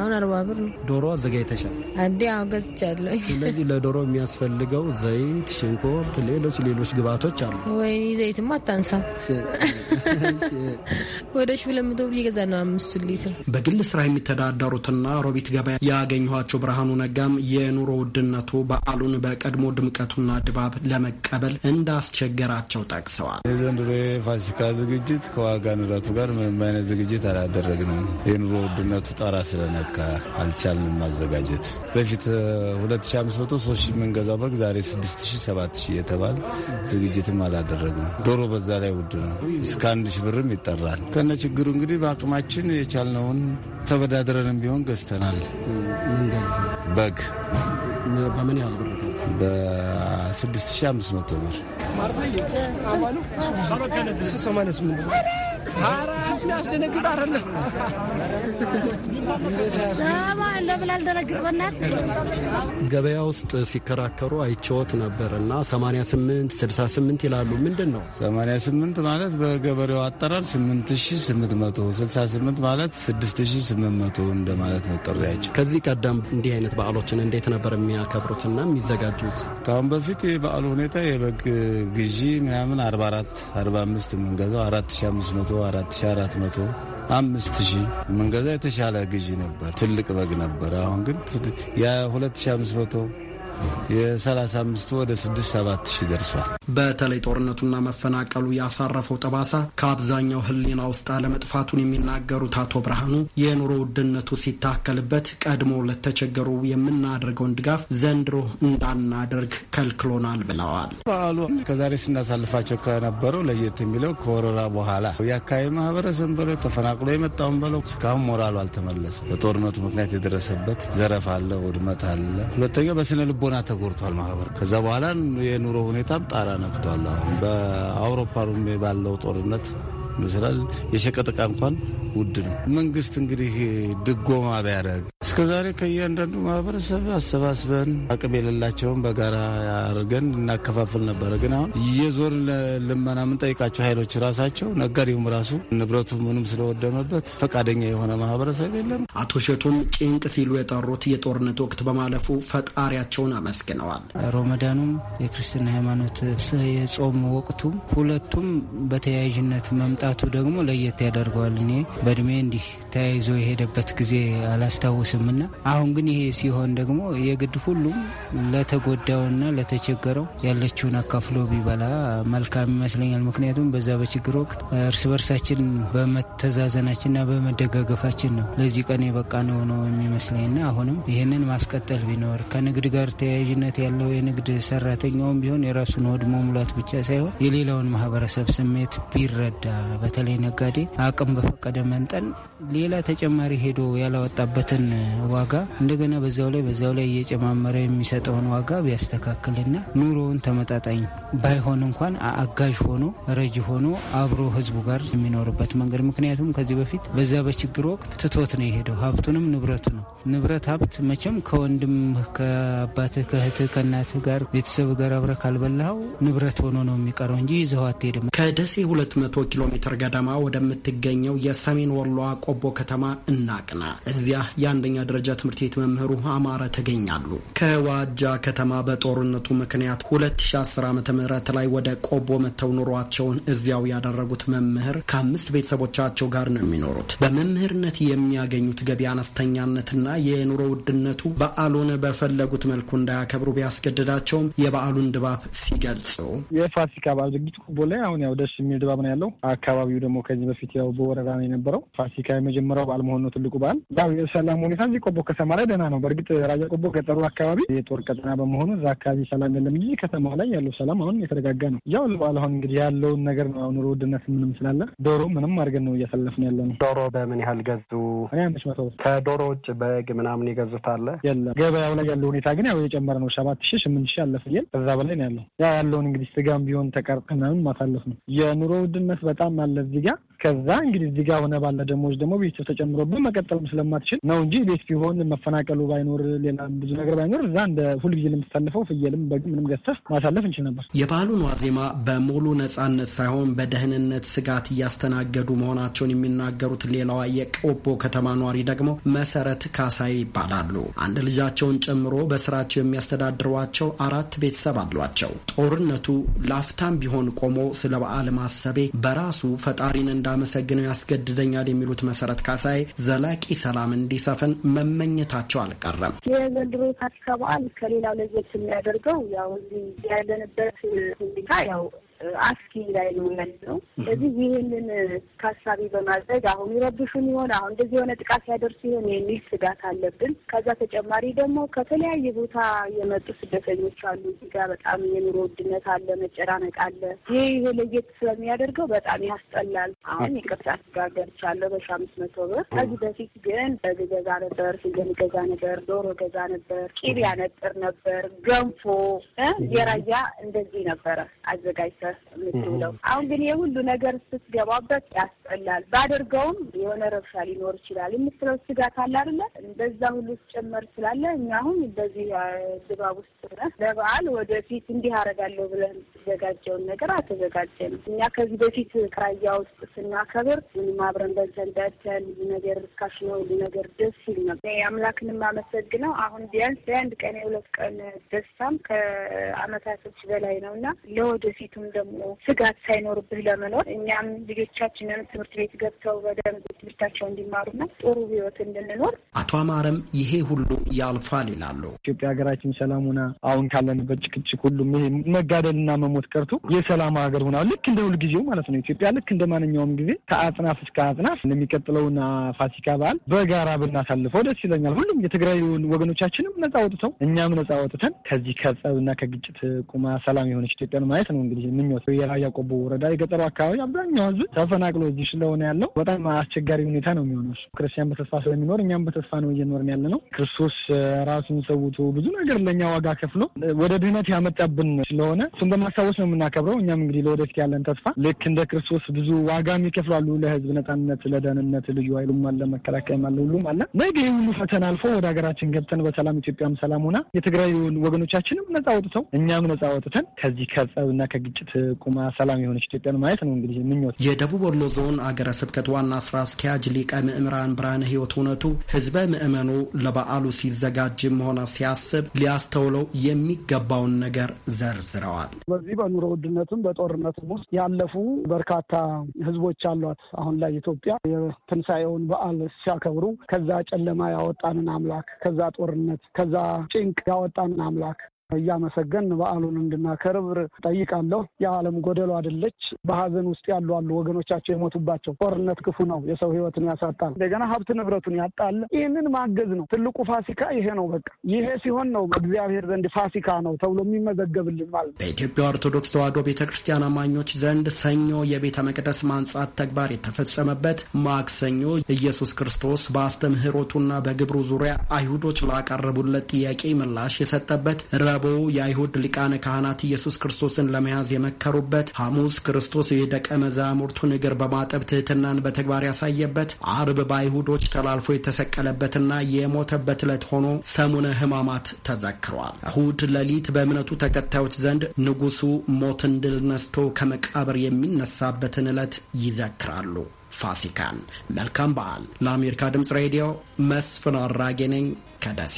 አሁን አርባ ብር ነው። ዶሮ አዘጋጅተሻል እንዴ? አዎ ገዝቻለሁ። ስለዚህ ለዶሮ የሚያስፈልገው ዘይት፣ ሽንኩርት፣ ሌሎች ሌሎች ግብአቶች አሉ ወይ? ዘይትማ አታ አታንሳው። ወደ ሺ ሁለት መቶ ብር ነው አምስቱ ሊትር። በግል ስራ የሚተዳደሩትና ሮቢት ገበያ ያገኘኋቸው ብርሃኑ ነጋም የኑሮ ውድነቱ በዓሉን በቀድሞ ድምቀቱና ድባብ ለመቀበል እንዳስቸገራቸው ጠቅሰዋል። የዘንድሮ የፋሲካ ዝግጅት ከዋጋ ንረቱ ጋር ምንም አይነት ዝግጅት አላደረግንም። የኑሮ ውድነቱ ጣራ ስለነካ አልቻልንም ማዘጋጀት። በፊት 2500 ሶስት ሺህ የምንገዛው በግ ዛሬ 6700 የተባለ ዝግጅትም አላደረግንም። ዶሮ ከዛ ላይ ውድ ነው። እስከ አንድ ሺ ብርም ይጠራል። ከነ ችግሩ እንግዲህ በአቅማችን የቻልነውን ተበዳድረንም ቢሆን ገዝተናል። በግ በምን ያህል ብር በ6500 ብር ገበያ ውስጥ ሲከራከሩ አይቼዎት ነበር እና 88 68 ይላሉ። ምንድን ነው 88 ማለት? በገበሬው አጠራር 8800 68 ማለት 6800 እንደማለት ነው ጥሪያቸው። ከዚህ ቀደም እንዲህ አይነት በዓሎችን እንዴት ነበር የሚያከብሩትና የሚዘጋ ያዘጋጁት። ከአሁን በፊት የበዓሉ ሁኔታ የበግ ግዢ ምናምን 44 45 የምንገዛው 4500 4400 አምስት ሺህ የምንገዛ የተሻለ ግዢ ነበር። ትልቅ በግ ነበር። አሁን ግን የ2500 የ35 ወደ 67 ሺህ ደርሷል። በተለይ ጦርነቱና መፈናቀሉ ያሳረፈው ጠባሳ ከአብዛኛው ሕሊና ውስጥ አለመጥፋቱን የሚናገሩት አቶ ብርሃኑ የኑሮ ውድነቱ ሲታከልበት ቀድሞ ለተቸገሩ የምናደርገውን ድጋፍ ዘንድሮ እንዳናደርግ ከልክሎናል ብለዋል። በዓሉ ከዛሬ ስናሳልፋቸው ከነበረው ለየት የሚለው ከወረራ በኋላ የአካባቢ ማህበረሰብ በለው ተፈናቅሎ የመጣውን በለው እስካሁን ሞራሉ አልተመለሰ። በጦርነቱ ምክንያት የደረሰበት ዘረፍ አለ፣ ውድመት አለ። ሁለተኛው በስነ ልቦ ልቦና ተጎድቷል ማህበር። ከዛ በኋላ የኑሮ ሁኔታም ጣራ ነክቷል። አሁን በአውሮፓ ባለው ጦርነት ይመስላል። የሸቀጥ ዕቃ እንኳን ውድ ነው። መንግስት እንግዲህ ድጎማ ቢያደርግ እስከ ዛሬ ከእያንዳንዱ ማህበረሰብ አሰባስበን አቅም የሌላቸውን በጋራ አድርገን እናከፋፍል ነበረ። ግን አሁን እየዞር ልመና የምንጠይቃቸው ኃይሎች ራሳቸው ነጋዴውም ራሱ ንብረቱ ምንም ስለወደመበት ፈቃደኛ የሆነ ማህበረሰብ የለም። አቶ ሸቱም ጭንቅ ሲሉ የጠሩት የጦርነት ወቅት በማለፉ ፈጣሪያቸውን አመስግነዋል። ሮመዳኑም የክርስትና ሃይማኖት የጾም ወቅቱም ሁለቱም በተያያዥነት መምጣት ወጣቱ ደግሞ ለየት ያደርገዋል። እኔ በእድሜ እንዲህ ተያይዞ የሄደበት ጊዜ አላስታውስምና አሁን ግን ይሄ ሲሆን ደግሞ የግድ ሁሉም ለተጎዳውና ለተቸገረው ያለችውን አካፍሎ ቢበላ መልካም ይመስለኛል። ምክንያቱም በዛ በችግር ወቅት እርስ በርሳችን በመተዛዘናችንና በመደጋገፋችን ነው ለዚህ ቀን የበቃ ነው ነው የሚመስለኝና አሁንም ይህንን ማስቀጠል ቢኖር ከንግድ ጋር ተያያዥነት ያለው የንግድ ሰራተኛውም ቢሆን የራሱን ወድሞ ሙላት ብቻ ሳይሆን የሌላውን ማህበረሰብ ስሜት ቢረዳ በተለይ ነጋዴ አቅም በፈቀደ መንጠን ሌላ ተጨማሪ ሄዶ ያላወጣበትን ዋጋ እንደገና በዛው ላይ በዛው ላይ እየጨማመረ የሚሰጠውን ዋጋ ቢያስተካክልና ኑሮውን ተመጣጣኝ ባይሆን እንኳን አጋዥ ሆኖ ረጅ ሆኖ አብሮ ህዝቡ ጋር የሚኖርበት መንገድ ምክንያቱም ከዚህ በፊት በዛ በችግር ወቅት ትቶት ነው የሄደው ሀብቱንም ንብረቱ ነው። ንብረት ሀብት መቼም ከወንድም ከአባትህ ከእህትህ ከእናትህ ጋር ቤተሰብ ጋር አብረህ ካልበላኸው ንብረት ሆኖ ነው የሚቀረው እንጂ ይዘው አትሄድም። ከደሴ 200 ኪሎ ሜትር ኪሎሜትር ገደማ ወደምትገኘው የሰሜን ወሎ ቆቦ ከተማ እናቅና። እዚያ የአንደኛ ደረጃ ትምህርት ቤት መምህሩ አማረ ተገኛሉ። ከዋጃ ከተማ በጦርነቱ ምክንያት 2010 ዓ ም ላይ ወደ ቆቦ መጥተው ኑሯቸውን እዚያው ያደረጉት መምህር ከአምስት ቤተሰቦቻቸው ጋር ነው የሚኖሩት። በመምህርነት የሚያገኙት ገቢ አነስተኛነትና የኑሮ ውድነቱ በዓሉን በፈለጉት መልኩ እንዳያከብሩ ቢያስገድዳቸውም የበዓሉን ድባብ ሲገልጹ የፋሲካ በዓል ዝግጅት ቆቦ ላይ አሁን ያው ደስ የሚል ድባብ ነው ያለው አካባቢ አካባቢው ደግሞ ከዚህ በፊት ያው በወረራ ነው የነበረው። ፋሲካ የመጀመሪያው በዓል መሆኑ ትልቁ በዓል። ያው የሰላም ሁኔታ እዚህ ቆቦ ከተማ ላይ ደህና ነው። በእርግጥ ራያ ቆቦ ገጠሩ አካባቢ የጦር ቀጠና በመሆኑ እዛ አካባቢ ሰላም የለም እንጂ ከተማ ላይ ያለው ሰላም አሁን የተረጋጋ ነው። ያው ለበዓል አሁን እንግዲህ ያለውን ነገር ነው። ኑሮ ውድነት ምንም ስላለ ዶሮ ምንም አድርገን ነው እያሳለፍን ያለ ነው። ዶሮ በምን ያህል ገዙ? እኔ አምስት መቶ ከዶሮ ውጭ በግ ምናምን የገዙት አለ የለም? ገበያው ላይ ያለው ሁኔታ ግን ያው የጨመረ ነው። ሰባት ሺ ስምንት ሺ አለፍ እየል ከዛ በላይ ነው ያለው። ያ ያለውን እንግዲህ ስጋም ቢሆን ተቀርጥ ምናምን ማሳለፍ ነው። የኑሮ ውድነት በጣም አለ እዚህ ጋር ከዛ እንግዲህ እዚህ ጋር ሆነ ባለ ደሞዎች ደግሞ ቤተሰብ ተጨምሮብን መቀጠልም ስለማትችል ነው እንጂ ቤት ቢሆን መፈናቀሉ ባይኖር ሌላ ብዙ ነገር ባይኖር እዛ እንደ ሁልጊዜ ለምትሳልፈው ፍየልም በግ ምንም ገዝተህ ማሳለፍ እንችል ነበር። የበዓሉን ዋዜማ በሙሉ ነጻነት ሳይሆን በደህንነት ስጋት እያስተናገዱ መሆናቸውን የሚናገሩት ሌላዋ የቆቦ ከተማ ኗሪ ደግሞ መሰረት ካሳይ ይባላሉ። አንድ ልጃቸውን ጨምሮ በስራቸው የሚያስተዳድሯቸው አራት ቤተሰብ አሏቸው። ጦርነቱ ላፍታም ቢሆን ቆሞ ስለ በዓል ማሰቤ በራሱ ፈጣሪን እንዳ እንዳመሰግነው ያስገድደኛል የሚሉት መሰረት ካሳይ ዘላቂ ሰላም እንዲሰፍን መመኘታቸው አልቀረም። የዘንድሮ ፋሲካ በዓል ከሌላው ለየት የሚያደርገው ያው እዚህ ያለንበት ሁኔታ ያው አስኪ ላይ ነው ያለው። ስለዚህ ይህንን ታሳቢ በማድረግ አሁን ይረብሹን ይሆን አሁን እንደዚህ የሆነ ጥቃት ሲያደርሱ ይሆን የሚል ስጋት አለብን። ከዛ ተጨማሪ ደግሞ ከተለያየ ቦታ የመጡ ስደተኞች አሉ። እዚህ ጋር በጣም የኑሮ ውድነት አለ፣ መጨናነቅ አለ። ይህ ይሄ ለየት ስለሚያደርገው በጣም ያስጠላል። አሁን የቅርጫ ስጋ ገርቻለሁ በሺ አምስት መቶ ብር። ከዚህ በፊት ግን በግ ገዛ ነበር፣ ስገን ገዛ ነበር፣ ዶሮ ገዛ ነበር፣ ቂቤ ያነጥር ነበር፣ ገንፎ የራያ እንደዚህ ነበረ አዘጋጅተን የምትውለው። አሁን ግን የሁሉ ነገር ስትገባበት ያስጠላል። ባደርገውም የሆነ ረብሻ ሊኖር ይችላል የምትለው ስጋት አለ አይደለ? እንደዛ ሁሉ ስጨመር ስላለ እኛ አሁን በዚህ ድባብ ውስጥ ነህ። ለበዓል ወደፊት እንዲህ አደርጋለሁ ብለን የምትዘጋጀውን ነገር አልተዘጋጀንም። እኛ ከዚህ በፊት ቅራያ ውስጥ ስናከብር ምንም አብረን በልተን ጠጥተን ብዙ ነገር ርካሽ ነው ሁሉ ነገር ደስ ሲል ነበር። አምላክን የማመሰግነው አሁን ቢያንስ ለአንድ ቀን የሁለት ቀን ደስታም ከአመታቶች በላይ ነው እና ለወደፊቱም ደግሞ ስጋት ሳይኖርብህ ለመኖር እኛም ልጆቻችንን ትምህርት ቤት ገብተው በደንብ ትምህርታቸው እንዲማሩና ጥሩ ህይወት እንድንኖር። አቶ አማረም ይሄ ሁሉ ያልፋል ይላሉ። ኢትዮጵያ ሀገራችን ሰላም ሆና አሁን ካለንበት ጭቅጭቅ፣ ሁሉም ይሄ መጋደልና መሞት ቀርቶ የሰላም ሀገር ሆና ልክ እንደ ሁልጊዜው ማለት ነው ኢትዮጵያ ልክ እንደ ማንኛውም ጊዜ ከአጽናፍ እስከ አጽናፍ የሚቀጥለውን ፋሲካ በዓል በጋራ ብናሳልፈው ደስ ይለኛል። ሁሉም የትግራይ ወገኖቻችንም ነጻ ወጥተው እኛም ነጻ ወጥተን ከዚህ ከጸብና ከግጭት ቁማ ሰላም የሆነች ኢትዮጵያን ማየት ነው እንግዲህ የሚወስ የራ ያቆቦ ወረዳ የገጠሩ አካባቢ አብዛኛው ህዝብ ተፈናቅሎ እዚህ ስለሆነ ያለው በጣም አስቸጋሪ ሁኔታ ነው የሚሆነው። ክርስቲያን በተስፋ ስለሚኖር እኛም በተስፋ ነው እየኖርን ያለ ነው። ክርስቶስ ራሱን ሰውቶ ብዙ ነገር ለእኛ ዋጋ ከፍሎ ወደ ድህነት ያመጣብን ስለሆነ እሱን በማስታወስ ነው የምናከብረው። እኛም እንግዲህ ለወደፊት ያለን ተስፋ ልክ እንደ ክርስቶስ ብዙ ዋጋም ይከፍላሉ ለህዝብ ነጻነት፣ ለደህንነት ልዩ ኃይሉም አለ መከላከያም አለ ሁሉም አለ። ነገ ይህ ሁሉ ፈተና አልፎ ወደ ሀገራችን ገብተን በሰላም ኢትዮጵያም ሰላም ሆና የትግራይ ወገኖቻችንም ነጻ ወጥተው እኛም ነጻ ወጥተን ከዚህ ከጸብና ከግጭት ቁማ ሰላም የሆነች ኢትዮጵያን ማየት ነው እንግዲህ ምኞት። የደቡብ ወሎ ዞን አገረ ስብከት ዋና ስራ አስኪያጅ ሊቀ ምእምራን ብርሃነ ህይወት እውነቱ ህዝበ ምዕመኑ ለበዓሉ ሲዘጋጅም ሆነ ሲያስብ ሊያስተውለው የሚገባውን ነገር ዘርዝረዋል። በዚህ በኑሮ ውድነትም በጦርነትም ውስጥ ያለፉ በርካታ ህዝቦች አሏት። አሁን ላይ ኢትዮጵያ የትንሣኤውን በዓል ሲያከብሩ ከዛ ጨለማ ያወጣንን አምላክ ከዛ ጦርነት ከዛ ጭንቅ ያወጣንን አምላክ እያመሰገን በዓሉን እንድናከብር ጠይቃለሁ። የዓለም ጎደሎ አይደለች። በሀዘን ውስጥ ያሉ አሉ ወገኖቻቸው የሞቱባቸው። ጦርነት ክፉ ነው፣ የሰው ህይወትን ያሳጣል፣ እንደገና ሀብት ንብረቱን ያጣል። ይህንን ማገዝ ነው ትልቁ ፋሲካ ይሄ ነው። በቃ ይሄ ሲሆን ነው በእግዚአብሔር ዘንድ ፋሲካ ነው ተብሎ የሚመዘገብልን ማለት ነው። በኢትዮጵያ ኦርቶዶክስ ተዋሕዶ ቤተ ክርስቲያን አማኞች ዘንድ ሰኞ የቤተ መቅደስ ማንጻት ተግባር የተፈጸመበት፣ ማክሰኞ ኢየሱስ ክርስቶስ በአስተምህሮቱና በግብሩ ዙሪያ አይሁዶች ላቀረቡለት ጥያቄ ምላሽ የሰጠበት፣ ረቡ በአቦ የአይሁድ ሊቃነ ካህናት ኢየሱስ ክርስቶስን ለመያዝ የመከሩበት፣ ሐሙስ ክርስቶስ የደቀ መዛሙርቱን እግር በማጠብ ትህትናን በተግባር ያሳየበት፣ አርብ በአይሁዶች ተላልፎ የተሰቀለበትና የሞተበት ዕለት ሆኖ ሰሙነ ሕማማት ተዘክሯል። እሁድ ሌሊት በእምነቱ ተከታዮች ዘንድ ንጉሱ ሞትን ድል ነስቶ ከመቃብር የሚነሳበትን ዕለት ይዘክራሉ። ፋሲካን። መልካም በዓል። ለአሜሪካ ድምፅ ሬዲዮ መስፍን አራጌ ነኝ ከደሴ።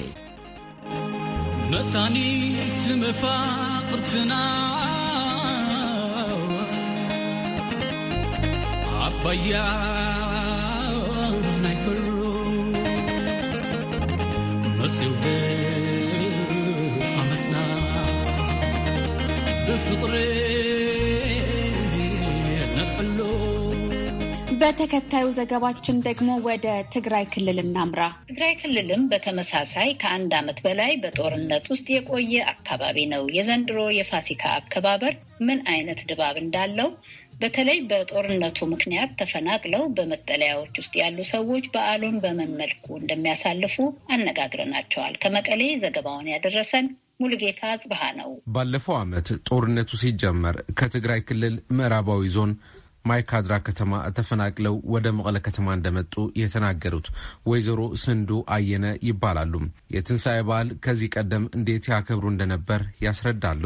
መሳኒት መፋቅርትና አባያ በተከታዩ ዘገባችን ደግሞ ወደ ትግራይ ክልል እናምራ። ትግራይ ክልልም በተመሳሳይ ከአንድ ዓመት በላይ በጦርነት ውስጥ የቆየ አካባቢ ነው። የዘንድሮ የፋሲካ አከባበር ምን አይነት ድባብ እንዳለው በተለይ በጦርነቱ ምክንያት ተፈናቅለው በመጠለያዎች ውስጥ ያሉ ሰዎች በዓሉን በምን መልኩ እንደሚያሳልፉ አነጋግረናቸዋል። ከመቀሌ ዘገባውን ያደረሰን ሙሉጌታ አጽብሃ ነው። ባለፈው ዓመት ጦርነቱ ሲጀመር ከትግራይ ክልል ምዕራባዊ ዞን ማይካድራ ከተማ ተፈናቅለው ወደ መቀለ ከተማ እንደመጡ የተናገሩት ወይዘሮ ስንዱ አየነ ይባላሉ። የትንሣኤ በዓል ከዚህ ቀደም እንዴት ያከብሩ እንደነበር ያስረዳሉ።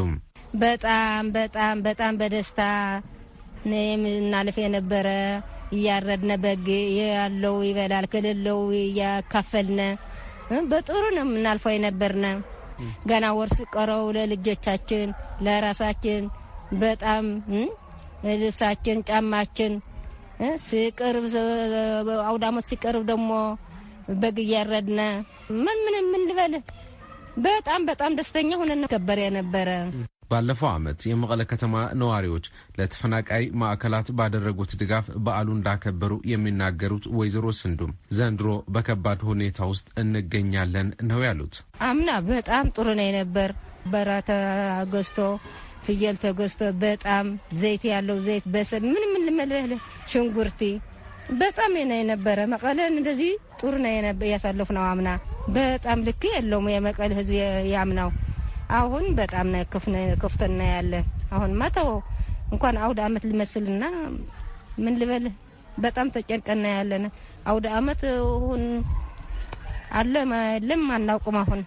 በጣም በጣም በጣም በደስታ የምናልፍ የነበረ እያረድነ በግ ያለው ይበላል ክልለው እያካፈልነ በጥሩ ነው የምናልፈው የነበርነ ገና ወርስ ቀረው ለልጆቻችን ለራሳችን በጣም ልብሳችን፣ ጫማችን ሲቀርብ አውዳሞት ሲቀርብ ደግሞ በግ እያረድነ ምን ምን የምንበል በጣም በጣም ደስተኛ ሆነን ከበር የነበረ። ባለፈው ዓመት የመቀለ ከተማ ነዋሪዎች ለተፈናቃይ ማዕከላት ባደረጉት ድጋፍ በዓሉ እንዳከበሩ የሚናገሩት ወይዘሮ ስንዱም ዘንድሮ በከባድ ሁኔታ ውስጥ እንገኛለን ነው ያሉት። አምና በጣም ጥሩ ነው የነበር በራተ ተገዝቶ ፍየል ተገዝቶ በጣም ዘይት ያለው ዘይት በሰል ምን ምን ልመለለ ሽንጉርቲ በጣም ና የነበረ መቀለን እንደዚህ ጥሩ ና እያሳለፍ ነው። አምና በጣም ልክ የለውም የመቀል ህዝብ ያምናው አሁን በጣም ና ክፍተና ያለ አሁን ማተው እንኳን አውደ አመት ልመስልና ምን ልበል በጣም ተጨንቀና ያለን አውደ አመት ሁን አለ የለም አናውቅም። አሁን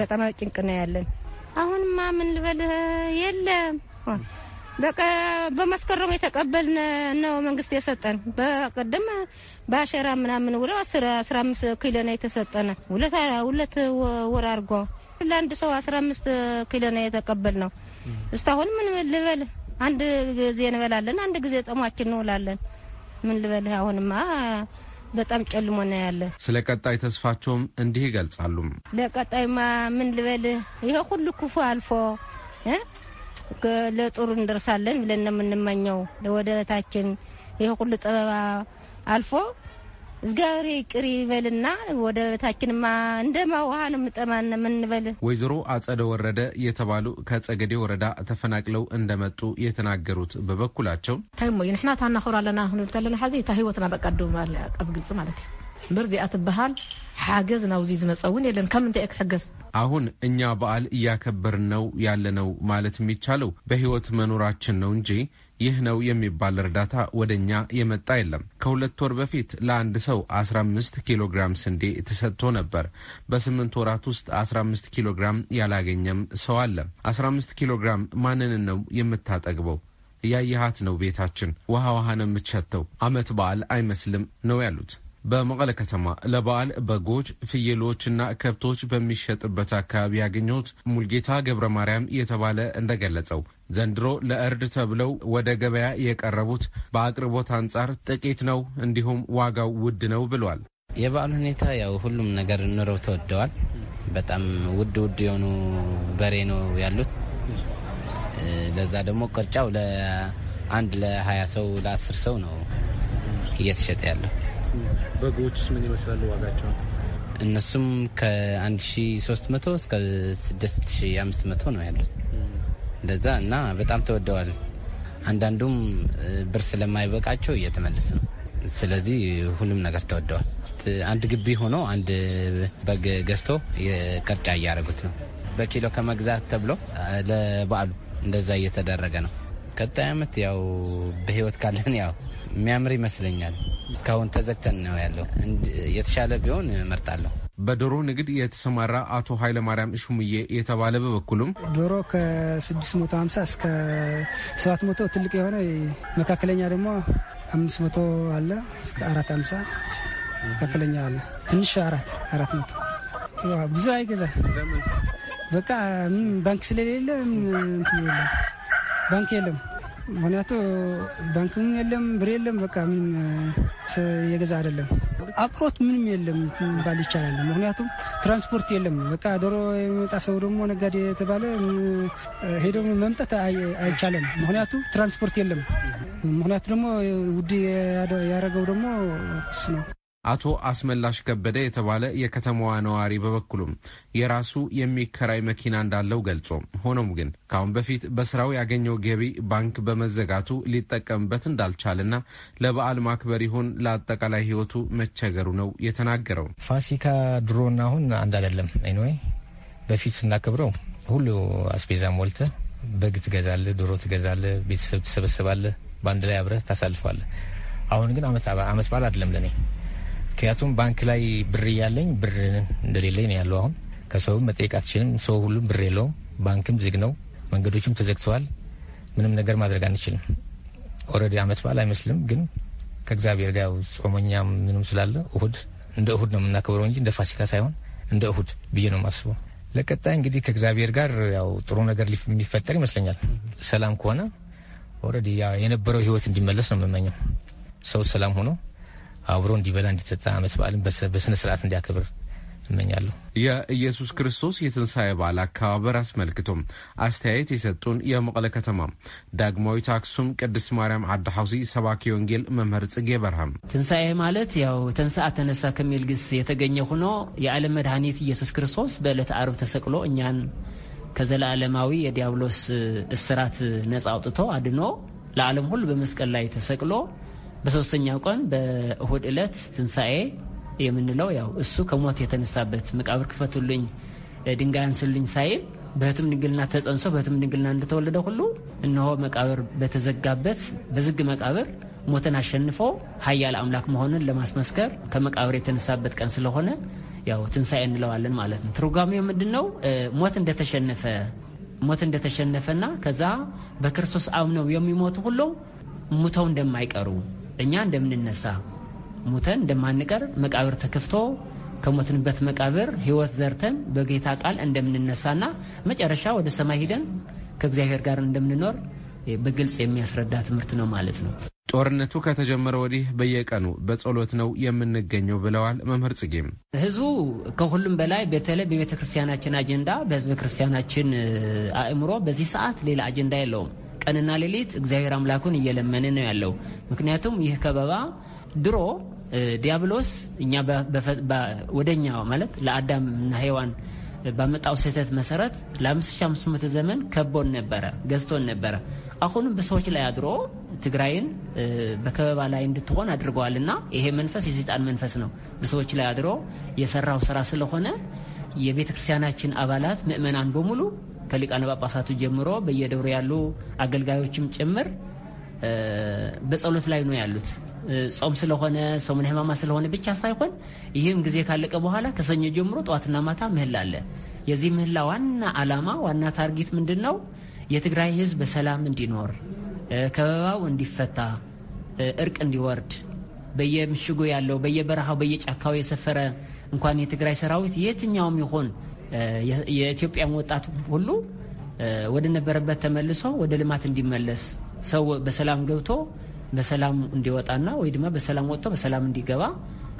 በጣም ጭንቅና ያለን አሁንማ ምን ልበል የለም። በቃ በመስከረም የተቀበልን ነው መንግስት የሰጠን። በቀደም በአሸራ ምናምን ውለ አስራ አምስት ኪሎ ነው የተሰጠነ። ሁለት ሁለት ወር አድርጎ ለአንድ ሰው አስራ አምስት ኪሎ ነው የተቀበል ነው። እስታሁን ምን ልበል አንድ ጊዜ እንበላለን፣ አንድ ጊዜ ጥሟችን እንውላለን። ምን ልበልህ አሁንማ በጣም ጨልሞ ነው ያለ። ስለ ቀጣይ ተስፋቸውም እንዲህ ይገልጻሉ። ለቀጣይማ ምን ልበል፣ ይሄ ሁሉ ክፉ አልፎ ለጥሩ እንደርሳለን ብለን ነው የምንመኘው። ለወደበታችን ይሄ ሁሉ ጥበባ አልፎ እግዚአብሔር ይቅር ይበልና ወደ ታችንማ እንደማ ውሃ ነው ምጠማን የምንበል። ወይዘሮ አጸደ ወረደ የተባሉ ከጸገዴ ወረዳ ተፈናቅለው እንደመጡ የተናገሩት በበኩላቸው ታይሞይ ንሕና እታ እናኽብር ኣለና ክንብል ከለና ሓዚ እታ ሂወትና በቃ ድማ ኣብ ግልፂ ማለት እዩ ምርዚኣ ትበሃል ሓገዝ ናብዚ ዝመፀ እውን የለን ካብ ምንታይ እየ ክሕገዝ አሁን እኛ በዓል እያከበርን ነው ያለነው ማለት የሚቻለው በህይወት መኖራችን ነው እንጂ ይህ ነው የሚባል እርዳታ ወደ እኛ የመጣ የለም። ከሁለት ወር በፊት ለአንድ ሰው 15 ኪሎ ግራም ስንዴ ተሰጥቶ ነበር። በስምንት ወራት ውስጥ 15 ኪሎ ግራም ያላገኘም ሰው አለ። 15 ኪሎ ግራም ማንንን ነው የምታጠግበው? እያየሃት ነው ቤታችን ውሃ ውሃ ነው የምትሸተው። አመት በዓል አይመስልም ነው ያሉት። በመቀለ ከተማ ለበዓል በጎች፣ ፍየሎችና ከብቶች በሚሸጥበት አካባቢ ያገኘት ሙልጌታ ገብረ ማርያም እየተባለ እንደገለጸው ዘንድሮ ለእርድ ተብለው ወደ ገበያ የቀረቡት በአቅርቦት አንጻር ጥቂት ነው፣ እንዲሁም ዋጋው ውድ ነው ብሏል። የበዓል ሁኔታ ያው ሁሉም ነገር ኑሮ ተወደዋል። በጣም ውድ ውድ የሆኑ በሬ ነው ያሉት። ለዛ ደግሞ ቅርጫው ለአንድ ለሀያ ሰው ለአስር ሰው ነው እየተሸጠ ያለው በጎችስ ምን ይመስላሉ ዋጋቸው? እነሱም ከ1300 እስከ 6500 ነው ያሉት እንደዛ እና በጣም ተወደዋል። አንዳንዱም ብር ስለማይበቃቸው እየተመለሰ ነው። ስለዚህ ሁሉም ነገር ተወደዋል። አንድ ግቢ ሆኖ አንድ በግ ገዝቶ ቅርጫ እያደረጉት ነው። በኪሎ ከመግዛት ተብሎ ለበዓሉ እንደዛ እየተደረገ ነው። ቀጣይ ዓመት ያው በህይወት ካለን ያው የሚያምር ይመስለኛል። እስካሁን ተዘግተን ነው ያለው። የተሻለ ቢሆን እመርጣለሁ። በዶሮ ንግድ የተሰማራ አቶ ኃይለማርያም ሹምዬ የተባለ በበኩሉም ዶሮ ከ650 እስከ 700 ትልቅ የሆነ መካከለኛ ደግሞ 500 አለ እስከ 450 መካከለኛ አለ ትንሽ አራት አራት መቶ ብዙ አይገዛ በቃ ባንክ ስለሌለ ባንክ የለም ምክንያቱ ባንክም የለም ብር የለም። በቃ ምንም የገዛ አይደለም። አቅሮት ምንም የለም ባል ይቻላል። ምክንያቱም ትራንስፖርት የለም። በቃ ዶሮ የሚመጣ ሰው ደግሞ ነጋዴ የተባለ ሄዶ መምጠት አይቻለም። ምክንያቱ ትራንስፖርት የለም። ምክንያቱ ደግሞ ውድ ያደረገው ደግሞ እሱ ነው። አቶ አስመላሽ ከበደ የተባለ የከተማዋ ነዋሪ በበኩሉም የራሱ የሚከራይ መኪና እንዳለው ገልጾ ሆኖም ግን ከአሁን በፊት በስራው ያገኘው ገቢ ባንክ በመዘጋቱ ሊጠቀምበት እንዳልቻለና ለበዓል ማክበር ይሁን ለአጠቃላይ ሕይወቱ መቸገሩ ነው የተናገረው። ፋሲካ ድሮና አሁን አንድ አይደለም። ኤኒዌይ በፊት ስናከብረው ሁሉ አስቤዛ ሞልተ በግ ትገዛለ፣ ዶሮ ትገዛለ፣ ቤተሰብ ትሰበስባለህ፣ በአንድ ላይ አብረህ ታሳልፏለ። አሁን ግን አመት በዓል አይደለም ለኔ ምክንያቱም ባንክ ላይ ብር እያለኝ ብር እንደሌለኝ ነው ያለው። አሁን ከሰውም መጠየቅ አትችልም። ሰው ሁሉም ብር የለውም። ባንክም ዝግ ነው። መንገዶችም ተዘግተዋል። ምንም ነገር ማድረግ አንችልም። ኦልሬዲ አመት በዓል አይመስልም፣ ግን ከእግዚአብሔር ጋር ጾመኛም ምንም ስላለ እሁድ እንደ እሁድ ነው የምናከብረው እንጂ እንደ ፋሲካ ሳይሆን እንደ እሁድ ብዬ ነው የማስበው። ለቀጣይ እንግዲህ ከእግዚአብሔር ጋር ያው ጥሩ ነገር የሚፈጠር ይመስለኛል። ሰላም ከሆነ ኦልሬዲ የነበረው ህይወት እንዲመለስ ነው የምመኘው። ሰው ሰላም ሆኖ አብሮ እንዲበላ እንዲጠጣ አመት በዓልን በስነ ስርዓት እንዲያከብር እመኛለሁ። የኢየሱስ ክርስቶስ የትንሣኤ በዓል አከባበር አስመልክቶም አስተያየት የሰጡን የመቀለ ከተማ ዳግማዊት አክሱም ቅድስት ማርያም ዓዳሐውሲ ሰባኪ ወንጌል መምህር ጽጌ በርሃም ትንሣኤ ማለት ያው ተንሥአ ተነሳ ከሚል ግስ የተገኘ ሆኖ የዓለም መድኃኒት ኢየሱስ ክርስቶስ በዕለተ አርብ ተሰቅሎ እኛን ከዘላለማዊ የዲያብሎስ እስራት ነጻ አውጥቶ አድኖ ለዓለም ሁሉ በመስቀል ላይ ተሰቅሎ በሶስተኛው ቀን በእሁድ ዕለት ትንሣኤ የምንለው ያው እሱ ከሞት የተነሳበት መቃብር ክፈቱልኝ፣ ድንጋይ አንስልኝ ሳይል በሕቱም ድንግልና ተጸንሶ በህቱም ድንግልና እንደተወለደ ሁሉ እነሆ መቃብር በተዘጋበት በዝግ መቃብር ሞትን አሸንፎ ኃያል አምላክ መሆኑን ለማስመስከር ከመቃብር የተነሳበት ቀን ስለሆነ ያው ትንሣኤ እንለዋለን ማለት ነው። ትርጓሜው ምንድን ነው? ሞት እንደተሸነፈ ሞት እንደተሸነፈና ከዛ በክርስቶስ አምነው የሚሞቱ ሁሉ ሙተው እንደማይቀሩ እኛ እንደምንነሳ ሙተን እንደማንቀር መቃብር ተከፍቶ ከሞትንበት መቃብር ህይወት ዘርተን በጌታ ቃል እንደምንነሳና መጨረሻ ወደ ሰማይ ሂደን ከእግዚአብሔር ጋር እንደምንኖር በግልጽ የሚያስረዳ ትምህርት ነው ማለት ነው። ጦርነቱ ከተጀመረ ወዲህ በየቀኑ በጸሎት ነው የምንገኘው ብለዋል መምህር ጽጌም። ህዝቡ ከሁሉም በላይ በተለይ በቤተ ክርስቲያናችን አጀንዳ፣ በህዝበ ክርስቲያናችን አእምሮ በዚህ ሰዓት ሌላ አጀንዳ የለውም። ቀንና ሌሊት እግዚአብሔር አምላኩን እየለመነ ነው ያለው። ምክንያቱም ይህ ከበባ ድሮ ዲያብሎስ እኛ ወደኛ ማለት ለአዳምና ሔዋን ባመጣው ስህተት መሰረት ለ5500 ዘመን ከቦን ነበረ፣ ገዝቶን ነበረ። አሁንም በሰዎች ላይ አድሮ ትግራይን በከበባ ላይ እንድትሆን አድርገዋልና ይሄ መንፈስ የሰይጣን መንፈስ ነው። በሰዎች ላይ አድሮ የሰራው ስራ ስለሆነ የቤተ ክርስቲያናችን አባላት ምእመናን በሙሉ ከሊቃነ ጳጳሳቱ ጀምሮ በየደብሩ ያሉ አገልጋዮችም ጭምር በጸሎት ላይ ነው ያሉት። ጾም ስለሆነ ሰሙነ ሕማማት ስለሆነ ብቻ ሳይሆን ይህም ጊዜ ካለቀ በኋላ ከሰኞ ጀምሮ ጠዋትና ማታ ምህላ አለ። የዚህ ምህላ ዋና ዓላማ ዋና ታርጌት ምንድን ነው? የትግራይ ሕዝብ በሰላም እንዲኖር፣ ከበባው እንዲፈታ፣ እርቅ እንዲወርድ በየምሽጉ ያለው በየበረሃው በየጫካው የሰፈረ እንኳን የትግራይ ሰራዊት የትኛውም ይሆን የኢትዮጵያን ወጣት ሁሉ ወደ ነበረበት ተመልሶ ወደ ልማት እንዲመለስ ሰው በሰላም ገብቶ በሰላም እንዲወጣና ወይ ድማ በሰላም ወጥቶ በሰላም እንዲገባ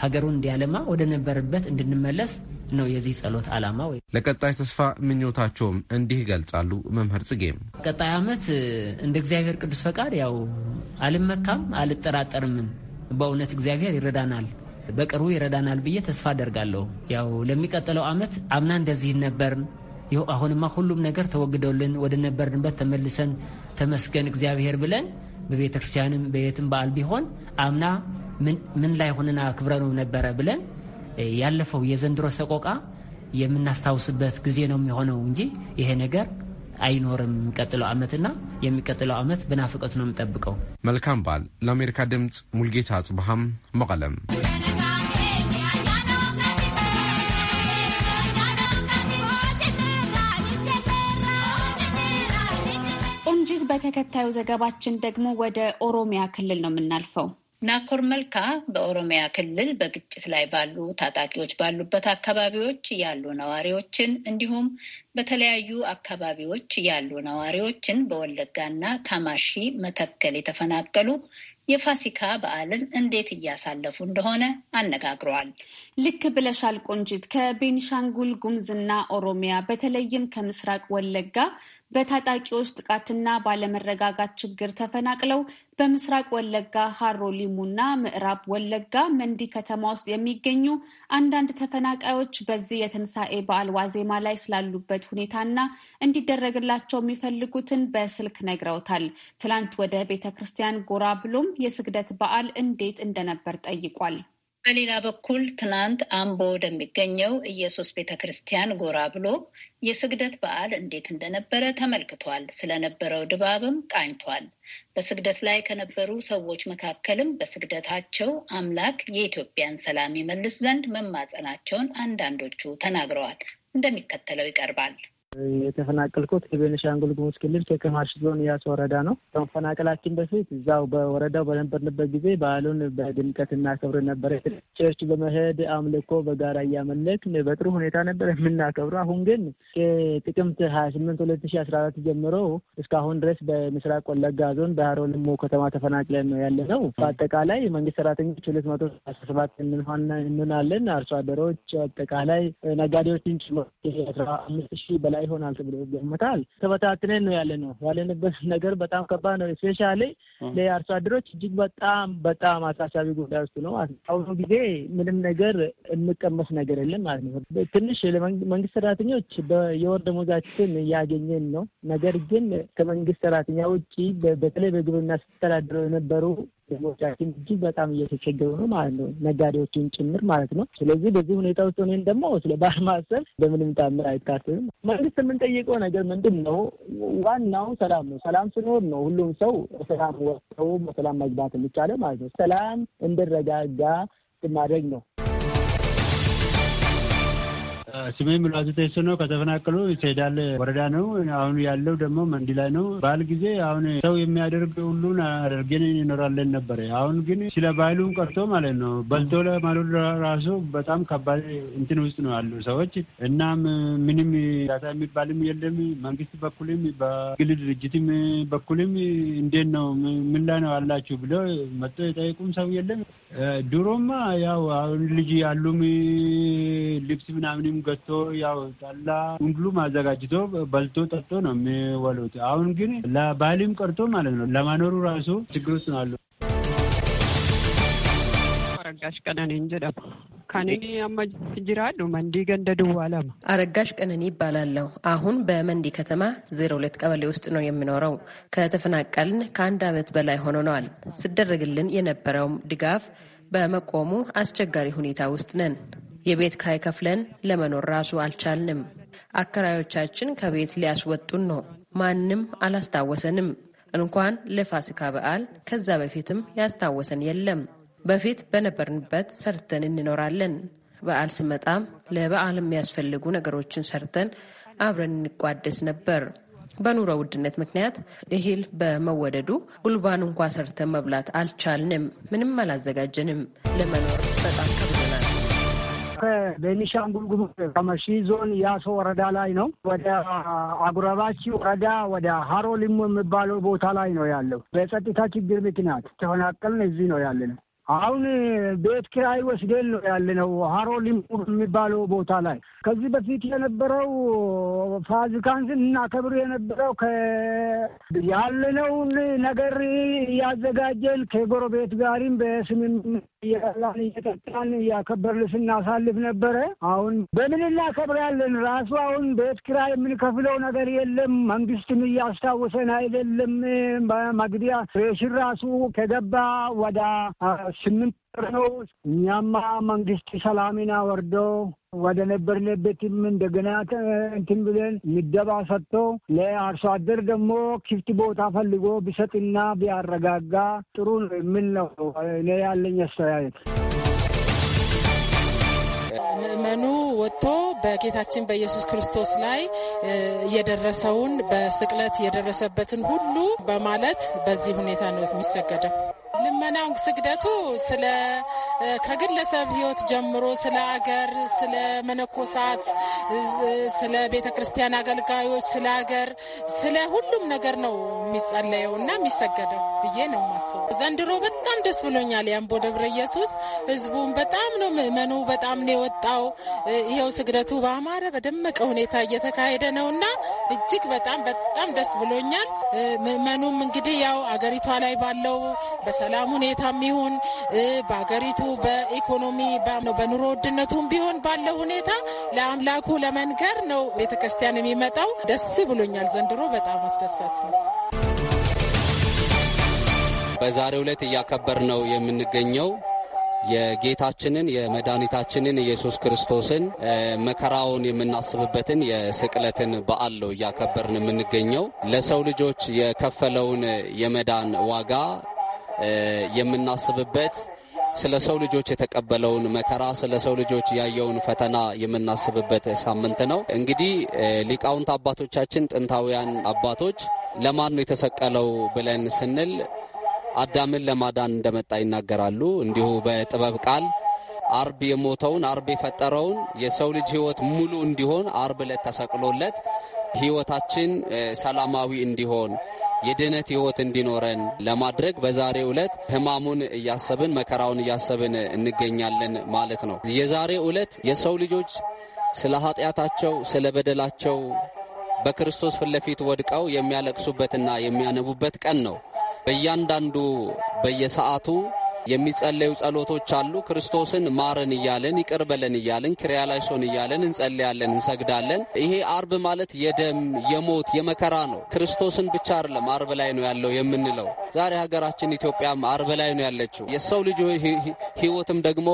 ሀገሩን እንዲያለማ ወደ ነበረበት እንድንመለስ ነው የዚህ ጸሎት ዓላማ። ወይ ለቀጣይ ተስፋ ምኞታቸውም እንዲህ ይገልጻሉ መምህር ጽጌም። ቀጣይ ዓመት እንደ እግዚአብሔር ቅዱስ ፈቃድ ያው አልመካም አልጠራጠርምም። በእውነት እግዚአብሔር ይረዳናል። በቅርቡ ይረዳናል ብዬ ተስፋ አደርጋለሁ። ያው ለሚቀጥለው ዓመት አምና እንደዚህ ነበርን። አሁንማ ሁሉም ነገር ተወግደልን ወደ ነበርንበት ተመልሰን ተመስገን እግዚአብሔር ብለን በቤተ ክርስቲያንም በየትም በዓል ቢሆን አምና ምን ላይ ሆነና ክብረ ነው ነበረ ብለን ያለፈው የዘንድሮ ሰቆቃ የምናስታውስበት ጊዜ ነው የሚሆነው እንጂ ይሄ ነገር አይኖርም። የሚቀጥለው አመትና የሚቀጥለው አመት በናፍቀቱ ነው የምጠብቀው። መልካም በዓል። ለአሜሪካ ድምፅ ሙልጌታ አጽብሃም መቀለም በተከታዩ ዘገባችን ደግሞ ወደ ኦሮሚያ ክልል ነው የምናልፈው። ናኮር መልካ በኦሮሚያ ክልል በግጭት ላይ ባሉ ታጣቂዎች ባሉበት አካባቢዎች ያሉ ነዋሪዎችን እንዲሁም በተለያዩ አካባቢዎች ያሉ ነዋሪዎችን በወለጋና ካማሺ መተከል የተፈናቀሉ የፋሲካ በዓልን እንዴት እያሳለፉ እንደሆነ አነጋግረዋል። ልክ ብለሻል ቆንጂት። ከቤኒሻንጉል ጉምዝና ኦሮሚያ በተለይም ከምስራቅ ወለጋ በታጣቂዎች ጥቃትና ባለመረጋጋት ችግር ተፈናቅለው በምስራቅ ወለጋ ሀሮ ሊሙና ምዕራብ ወለጋ መንዲ ከተማ ውስጥ የሚገኙ አንዳንድ ተፈናቃዮች በዚህ የትንሣኤ በዓል ዋዜማ ላይ ስላሉበት ሁኔታና እንዲደረግላቸው የሚፈልጉትን በስልክ ነግረውታል። ትላንት ወደ ቤተ ክርስቲያን ጎራ ብሎም የስግደት በዓል እንዴት እንደነበር ጠይቋል። በሌላ በኩል ትናንት አምቦ ወደሚገኘው ኢየሱስ ቤተ ክርስቲያን ጎራ ብሎ የስግደት በዓል እንዴት እንደነበረ ተመልክቷል። ስለነበረው ድባብም ቃኝቷል። በስግደት ላይ ከነበሩ ሰዎች መካከልም በስግደታቸው አምላክ የኢትዮጵያን ሰላም ይመልስ ዘንድ መማጸናቸውን አንዳንዶቹ ተናግረዋል። እንደሚከተለው ይቀርባል። የተፈናቀልኩት የቤኒሻንጉል ጉሙዝ ክልል ከከማሺ ዞን ወረዳ ነው። ከመፈናቀላችን በፊት እዛው በወረዳው በነበርንበት ጊዜ በዓሉን በድምቀት እናከብር ነበረ። ቸርች በመሄድ አምልኮ በጋራ እያመለክን በጥሩ ሁኔታ ነበር የምናከብሩ። አሁን ግን ከጥቅምት ሀያ ስምንት ሁለት ሺ አስራ አራት ጀምሮ እስካሁን ድረስ በምስራቅ ወለጋ ዞን በሀሮ ከተማ ተፈናቅለን ነው ያለ ነው። በአጠቃላይ መንግስት ሰራተኞች ሁለት መቶ አስራ ሰባት እንሆናለን። አርሶ አደሮች አጠቃላይ ነጋዴዎችን ጭምር አስራ አምስት ሺህ በላይ ይሆናል ተብሎ ይገመታል። ተበታትነን ነው ያለ ነው ያለንበት ነገር በጣም ከባድ ነው። ስፔሻሊ ለአርሶ አደሮች እጅግ በጣም በጣም አሳሳቢ ጉዳይ ውስጥ ነው። አሁኑ ጊዜ ምንም ነገር የምቀመስ ነገር የለም ማለት ነው። ትንሽ መንግስት ሰራተኞች የወር ደመወዛችን እያገኘን ነው። ነገር ግን ከመንግስት ሰራተኛ ውጭ በተለይ በግብርና ስተዳድረው የነበሩ ህዝቦቻችን እጅግ በጣም እየተቸገሩ ነው ማለት ነው፣ ነጋዴዎችን ጭምር ማለት ነው። ስለዚህ በዚህ ሁኔታ ውስጥ ሆኔን ደግሞ ስለ ባህል ማሰብ በምንም ታምር አይታሰብም። መንግስት የምንጠይቀው ነገር ምንድን ነው? ዋናው ሰላም ነው። ሰላም ስኖር ነው ሁሉም ሰው ሰላም ወጥተው በሰላም መግባት የሚቻለው ማለት ነው። ሰላም እንደረጋጋ ማድረግ ነው ስሜ ሙላቱ ቴሶ ነው። ከተፈናቀሉ ሴዳል ወረዳ ነው። አሁን ያለው ደግሞ መንዲ ላይ ነው። በዓል ጊዜ አሁን ሰው የሚያደርግ ሁሉን አደርገን ይኖራለን ነበር። አሁን ግን ስለ ባህሉም ቀርቶ ማለት ነው በልቶ ለማለት ራሱ በጣም ከባድ እንትን ውስጥ ነው ያሉ ሰዎች። እናም ምንም ዳታ የሚባልም የለም መንግስት በኩልም በግል ድርጅትም በኩልም እንዴት ነው ምን ላይ ነው አላችሁ ብሎ መጥቶ የጠየቁም ሰው የለም። ድሮማ ያው አሁን ልጅ ያሉም ልብስ ምናምንም ሁሉም ገቶ ያው ጠላ ሁሉም አዘጋጅቶ በልቶ ጠጥቶ ነው የሚወሉት። አሁን ግን ለባህልም ቀርቶ ማለት ነው ለማኖሩ ራሱ ችግር ውስጥ ናሉ። አረጋሽ ቀነኒ እንጀዳም ከኔ አማ ጅራሉ መንዲ ገንደ ድዋለማ አረጋሽ ቀነኒ ይባላለሁ። አሁን በመንዲ ከተማ ዜሮ ሁለት ቀበሌ ውስጥ ነው የምኖረው። ከተፈናቀልን ከአንድ አመት በላይ ሆኖነዋል። ስደረግልን የነበረውም ድጋፍ በመቆሙ አስቸጋሪ ሁኔታ ውስጥ ነን። የቤት ክራይ ከፍለን ለመኖር ራሱ አልቻልንም። አከራዮቻችን ከቤት ሊያስወጡን ነው። ማንም አላስታወሰንም። እንኳን ለፋሲካ በዓል ከዛ በፊትም ያስታወሰን የለም። በፊት በነበርንበት ሰርተን እንኖራለን። በዓል ስመጣም ለበዓል የሚያስፈልጉ ነገሮችን ሰርተን አብረን እንቋደስ ነበር። በኑሮ ውድነት ምክንያት እህል በመወደዱ ጉልባን እንኳ ሰርተን መብላት አልቻልንም። ምንም አላዘጋጀንም ለመኖር ከቤኒሻንጉል ጉሙዝ ከመሺ ዞን ያሶ ወረዳ ላይ ነው። ወደ አጉረባች ወረዳ ወደ ሀሮ ሊሙ የሚባለው ቦታ ላይ ነው ያለው። በጸጥታ ችግር ምክንያት ተፈናቀልን። እዚህ ነው ያለ ነው። አሁን ቤት ኪራይ ወስደን ነው ያለ ነው ሀሮ ሊሙ የሚባለው ቦታ ላይ። ከዚህ በፊት የነበረው ፋዚካንስ ስናከብር የነበረው ያለነውን ነገር እያዘጋጀን ከጎረቤት ጋሪም በስምምነት እየበላን እየጠጣን እያከበርን ስናሳልፍ ነበረ። አሁን በምን እናከብራለን? ራሱ አሁን ቤት ኪራይ የምንከፍለው ነገር የለም። መንግስትም እያስታወሰን አይደለም። መግቢያ ራሱ ከገባ ወደ ስምንት ነው። እኛማ መንግስት ሰላምን አወርዶ ወደ ነበርንበትም እንደገና እንትን ብለን ምደባ ሰጥቶ ለአርሶ አደር ደግሞ ክፍት ቦታ ፈልጎ ቢሰጥና ቢያረጋጋ ጥሩ ነው የሚል ነው እኔ ያለኝ አስተያየት። ምእመኑ ወጥቶ በጌታችን በኢየሱስ ክርስቶስ ላይ የደረሰውን በስቅለት የደረሰበትን ሁሉ በማለት በዚህ ሁኔታ ነው የሚሰገደው። ልመና ስግደቱ ስለ ከግለሰብ ህይወት ጀምሮ ስለ አገር፣ ስለ መነኮሳት፣ ስለ ቤተ ክርስቲያን አገልጋዮች፣ ስለ አገር፣ ስለ ሁሉም ነገር ነው የሚጸለየው እና የሚሰገደው ብዬ ነው የማስበው። ዘንድሮ በጣም ደስ ብሎኛል። የአምቦ ደብረ ኢየሱስ ህዝቡም በጣም ነው ምእመኑ በጣም ነው የወጣው። ይኸው ስግደቱ በአማረ በደመቀ ሁኔታ እየተካሄደ ነው እና እጅግ በጣም በጣም ደስ ብሎኛል። ምእመኑም እንግዲህ ያው አገሪቷ ላይ ባለው በሰ በሰላም ሁኔታም ይሁን በሀገሪቱ በኢኮኖሚ በኑሮ ውድነቱም ቢሆን ባለው ሁኔታ ለአምላኩ ለመንገር ነው ቤተክርስቲያን የሚመጣው። ደስ ብሎኛል። ዘንድሮ በጣም አስደሳች ነው። በዛሬው ዕለት እያከበር ነው የምንገኘው የጌታችንን የመድኃኒታችንን ኢየሱስ ክርስቶስን መከራውን የምናስብበትን የስቅለትን በዓል ነው እያከበርን የምንገኘው። ለሰው ልጆች የከፈለውን የመዳን ዋጋ የምናስብበት ስለ ሰው ልጆች የተቀበለውን መከራ ስለ ሰው ልጆች ያየውን ፈተና የምናስብበት ሳምንት ነው። እንግዲህ ሊቃውንት አባቶቻችን፣ ጥንታውያን አባቶች ለማን ነው የተሰቀለው ብለን ስንል አዳምን ለማዳን እንደመጣ ይናገራሉ። እንዲሁ በጥበብ ቃል አርብ የሞተውን አርብ የፈጠረውን የሰው ልጅ ሕይወት ሙሉ እንዲሆን አርብ ዕለት ተሰቅሎለት ህይወታችን ሰላማዊ እንዲሆን የድህነት ህይወት እንዲኖረን ለማድረግ በዛሬ ዕለት ህማሙን እያሰብን መከራውን እያሰብን እንገኛለን ማለት ነው። የዛሬ ዕለት የሰው ልጆች ስለ ኃጢአታቸው ስለ በደላቸው በክርስቶስ ፊት ለፊት ወድቀው የሚያለቅሱበትና የሚያነቡበት ቀን ነው። በእያንዳንዱ በየሰዓቱ የሚጸለዩ ጸሎቶች አሉ። ክርስቶስን ማረን እያለን ይቅር በለን እያለን ክሪያላይሶን እያለን እንጸልያለን፣ እንሰግዳለን። ይሄ አርብ ማለት የደም የሞት የመከራ ነው። ክርስቶስን ብቻ አይደለም አርብ ላይ ነው ያለው የምንለው። ዛሬ ሀገራችን ኢትዮጵያም አርብ ላይ ነው ያለችው። የሰው ልጅ ህይወትም ደግሞ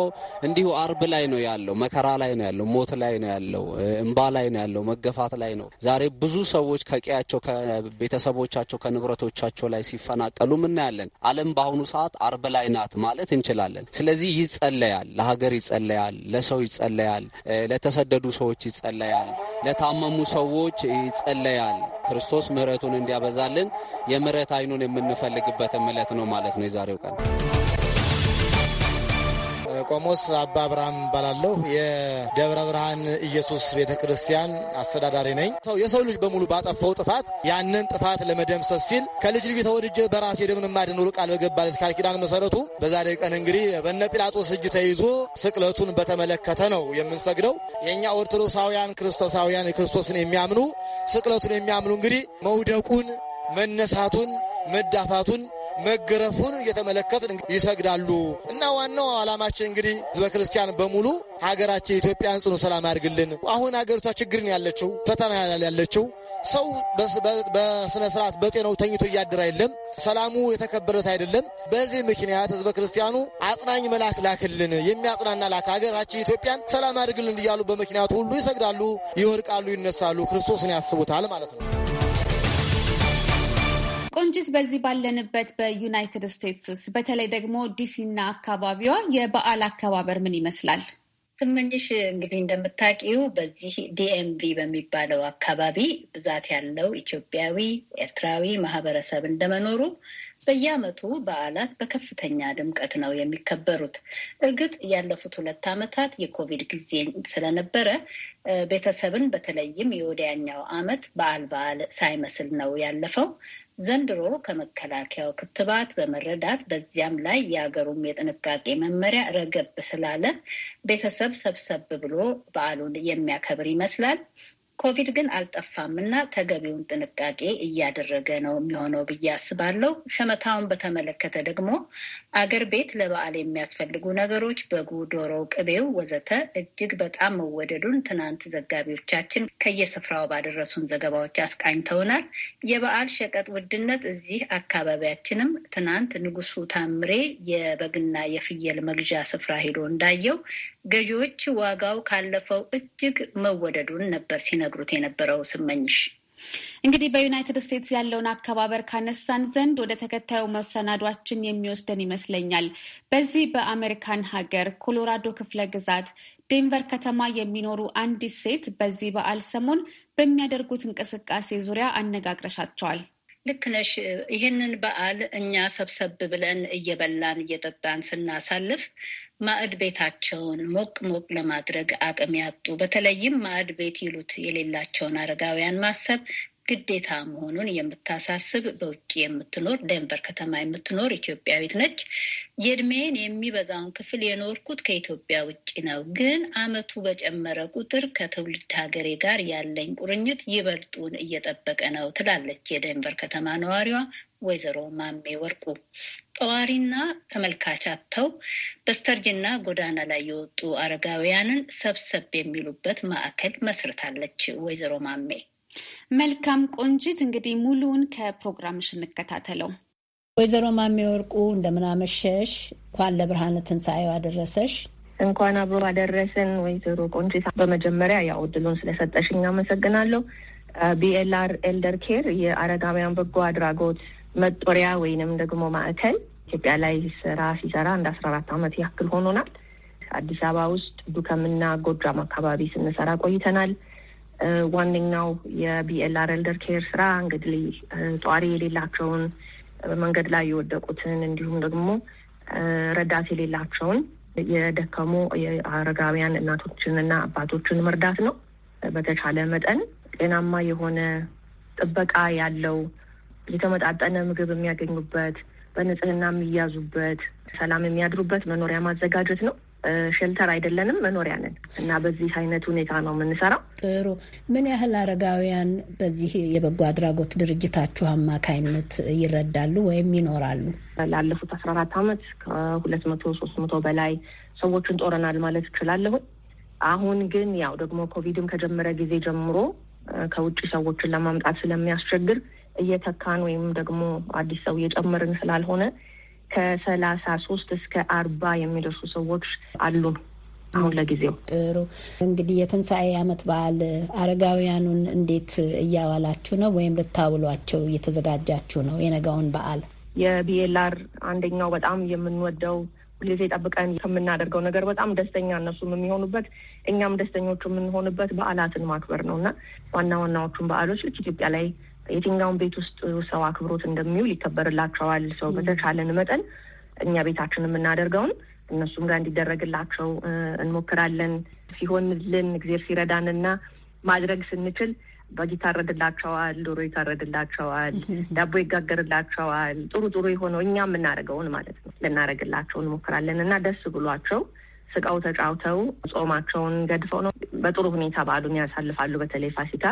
እንዲሁ አርብ ላይ ነው ያለው፣ መከራ ላይ ነው ያለው፣ ሞት ላይ ነው ያለው፣ እምባ ላይ ነው ያለው፣ መገፋት ላይ ነው። ዛሬ ብዙ ሰዎች ከቀያቸው ከቤተሰቦቻቸው ከንብረቶቻቸው ላይ ሲፈናቀሉ እናያለን። አለም በአሁኑ ሰዓት አርብ ላይ ናት። ማለት እንችላለን። ስለዚህ ይጸለያል፣ ለሀገር ይጸለያል፣ ለሰው ይጸለያል፣ ለተሰደዱ ሰዎች ይጸለያል፣ ለታመሙ ሰዎች ይጸለያል። ክርስቶስ ምሕረቱን እንዲያበዛልን የምሕረት አይኑን የምንፈልግበትም ዕለት ነው ማለት ነው የዛሬው ቀን። ቆሞስ አባ አብርሃም እባላለሁ። የደብረ ብርሃን ኢየሱስ ቤተ ክርስቲያን አስተዳዳሪ ነኝ። ሰው የሰው ልጅ በሙሉ ባጠፋው ጥፋት ያንን ጥፋት ለመደምሰስ ሲል ከልጅ ልጅ ተወድጄ በራሴ ደምን ማድን ብሎ ቃል በገባለች ቃል ኪዳን መሰረቱ በዛሬ ቀን እንግዲህ በነ ጲላጦስ እጅ ተይዞ ስቅለቱን በተመለከተ ነው የምንሰግደው። የእኛ ኦርቶዶክሳውያን ክርስቶሳውያን ክርስቶስን የሚያምኑ ስቅለቱን የሚያምኑ እንግዲህ መውደቁን መነሳቱን መዳፋቱን መገረፉን እየተመለከት ይሰግዳሉ እና ዋናው ዓላማችን እንግዲህ ህዝበ ክርስቲያን በሙሉ ሀገራችን ኢትዮጵያን ጽኑ ሰላም ያድርግልን። አሁን ሀገሪቷ ችግርን ያለችው ፈተና ያለችው ሰው በስነ ስርዓት በጤናው ተኝቶ እያደር አይደለም፣ ሰላሙ የተከበረት አይደለም። በዚህ ምክንያት ህዝበ ክርስቲያኑ አጽናኝ መልአክ ላክልን፣ የሚያጽናና ላክ፣ ሀገራችን ኢትዮጵያን ሰላም አድርግልን እያሉ በምክንያቱ ሁሉ ይሰግዳሉ፣ ይወድቃሉ፣ ይነሳሉ፣ ክርስቶስን ያስቡታል ማለት ነው። ቆንጂት፣ በዚህ ባለንበት በዩናይትድ ስቴትስ በተለይ ደግሞ ዲሲና አካባቢዋ የበዓል አከባበር ምን ይመስላል? ስመኝሽ እንግዲህ እንደምታውቂው በዚህ ዲኤምቪ በሚባለው አካባቢ ብዛት ያለው ኢትዮጵያዊ ኤርትራዊ ማህበረሰብ እንደመኖሩ በየዓመቱ በዓላት በከፍተኛ ድምቀት ነው የሚከበሩት። እርግጥ ያለፉት ሁለት ዓመታት የኮቪድ ጊዜ ስለነበረ ቤተሰብን በተለይም የወዲያኛው ዓመት በዓል በዓል ሳይመስል ነው ያለፈው። ዘንድሮ ከመከላከያው ክትባት በመረዳት በዚያም ላይ የአገሩም የጥንቃቄ መመሪያ ረገብ ስላለ ቤተሰብ ሰብሰብ ብሎ በዓሉን የሚያከብር ይመስላል። ኮቪድ ግን አልጠፋም እና ተገቢውን ጥንቃቄ እያደረገ ነው የሚሆነው ብዬ አስባለሁ። ሸመታውን በተመለከተ ደግሞ አገር ቤት ለበዓል የሚያስፈልጉ ነገሮች በጉ፣ ዶሮ፣ ቅቤው ወዘተ እጅግ በጣም መወደዱን ትናንት ዘጋቢዎቻችን ከየስፍራው ባደረሱን ዘገባዎች አስቃኝተውናል። የበዓል ሸቀጥ ውድነት እዚህ አካባቢያችንም ትናንት ንጉሱ ታምሬ የበግና የፍየል መግዣ ስፍራ ሄዶ እንዳየው ገዢዎች ዋጋው ካለፈው እጅግ መወደዱን ነበር ሲነግሩት የነበረው ስመኝሽ። እንግዲህ በዩናይትድ ስቴትስ ያለውን አከባበር ካነሳን ዘንድ ወደ ተከታዩ መሰናዷችን የሚወስደን ይመስለኛል። በዚህ በአሜሪካን ሀገር ኮሎራዶ ክፍለ ግዛት ዴንቨር ከተማ የሚኖሩ አንዲት ሴት በዚህ በዓል ሰሞን በሚያደርጉት እንቅስቃሴ ዙሪያ አነጋግረሻቸዋል። ልክ ነሽ። ይህንን በዓል እኛ ሰብሰብ ብለን እየበላን እየጠጣን ስናሳልፍ ማዕድ ቤታቸውን ሞቅ ሞቅ ለማድረግ አቅም ያጡ በተለይም ማዕድ ቤት ይሉት የሌላቸውን አረጋውያን ማሰብ ግዴታ መሆኑን የምታሳስብ በውጭ የምትኖር ደንቨር ከተማ የምትኖር ኢትዮጵያዊት ነች። የእድሜን የሚበዛውን ክፍል የኖርኩት ከኢትዮጵያ ውጭ ነው፣ ግን አመቱ በጨመረ ቁጥር ከትውልድ ሀገሬ ጋር ያለኝ ቁርኝት ይበልጡን እየጠበቀ ነው ትላለች የደንቨር ከተማ ነዋሪዋ ወይዘሮ ማሜ ወርቁ ጠዋሪና ተመልካች አጥተው በስተርጅና ጎዳና ላይ የወጡ አረጋውያንን ሰብሰብ የሚሉበት ማዕከል መስርታለች። ወይዘሮ ማሜ መልካም ቆንጂት፣ እንግዲህ ሙሉውን ከፕሮግራምሽ እንከታተለው። ወይዘሮ ማሜ ወርቁ እንደምናመሸሽ፣ እንኳን ለብርሃነ ትንሣኤው አደረሰሽ። እንኳን አብሮ አደረሰን ወይዘሮ ቆንጂት። በመጀመሪያ ያው እድሉን ስለሰጠሽኝ አመሰግናለሁ። ቢኤልአር ኤልደር ኬር የአረጋውያን በጎ አድራጎት መጦሪያ ወይንም ደግሞ ማዕከል ኢትዮጵያ ላይ ስራ ሲሰራ እንደ አስራ አራት አመት ያክል ሆኖናል። አዲስ አበባ ውስጥ ዱከምና ጎጃም አካባቢ ስንሰራ ቆይተናል። ዋነኛው አር ኤልደር ኬር ስራ እንግዲህ ጧሪ የሌላቸውን በመንገድ ላይ የወደቁትን እንዲሁም ደግሞ ረዳት የሌላቸውን የደከሙ የአረጋውያን እናቶችን እና አባቶችን መርዳት ነው። በተቻለ መጠን ጤናማ የሆነ ጥበቃ ያለው የተመጣጠነ ምግብ የሚያገኙበት፣ በንጽህና የሚያዙበት፣ ሰላም የሚያድሩበት መኖሪያ ማዘጋጀት ነው። ሸልተር አይደለንም፣ መኖሪያ ነን እና በዚህ አይነት ሁኔታ ነው የምንሰራው። ጥሩ። ምን ያህል አረጋውያን በዚህ የበጎ አድራጎት ድርጅታችሁ አማካይነት ይረዳሉ ወይም ይኖራሉ? ላለፉት አስራ አራት አመት ከሁለት መቶ ሶስት መቶ በላይ ሰዎችን ጦረናል ማለት እችላለሁኝ። አሁን ግን ያው ደግሞ ኮቪድም ከጀመረ ጊዜ ጀምሮ ከውጭ ሰዎችን ለማምጣት ስለሚያስቸግር እየተካን ወይም ደግሞ አዲስ ሰው እየጨመርን ስላልሆነ ከሰላሳ ሶስት እስከ አርባ የሚደርሱ ሰዎች አሉ። አሁን ለጊዜው ጥሩ። እንግዲህ የትንሣኤ ዓመት በዓል አረጋውያኑን እንዴት እያዋላችሁ ነው? ወይም ልታውሏቸው እየተዘጋጃችሁ ነው? የነጋውን በዓል የቢኤላር አንደኛው በጣም የምንወደው ሁልጊዜ ጠብቀን ከምናደርገው ነገር በጣም ደስተኛ እነሱም የሚሆኑበት እኛም ደስተኞቹ የምንሆንበት በዓላትን ማክበር ነው እና ዋና ዋናዎቹን በዓሎች ልክ ኢትዮጵያ ላይ የትኛውን ቤት ውስጥ ሰው አክብሮት እንደሚውል ይከበርላቸዋል። ሰው በተቻለን መጠን እኛ ቤታችን የምናደርገውን እነሱም ጋር እንዲደረግላቸው እንሞክራለን። ሲሆንልን እግዜር ሲረዳንና ማድረግ ስንችል በግ ይታረድላቸዋል፣ ዶሮ ይታረድላቸዋል፣ ዳቦ ይጋገርላቸዋል። ጥሩ ጥሩ የሆነው እኛ የምናደርገውን ማለት ነው ልናደርግላቸው እንሞክራለን እና ደስ ብሏቸው ስቃው ተጫውተው ጾማቸውን ገድፈው ነው በጥሩ ሁኔታ በዓሉን ያሳልፋሉ። በተለይ ፋሲካ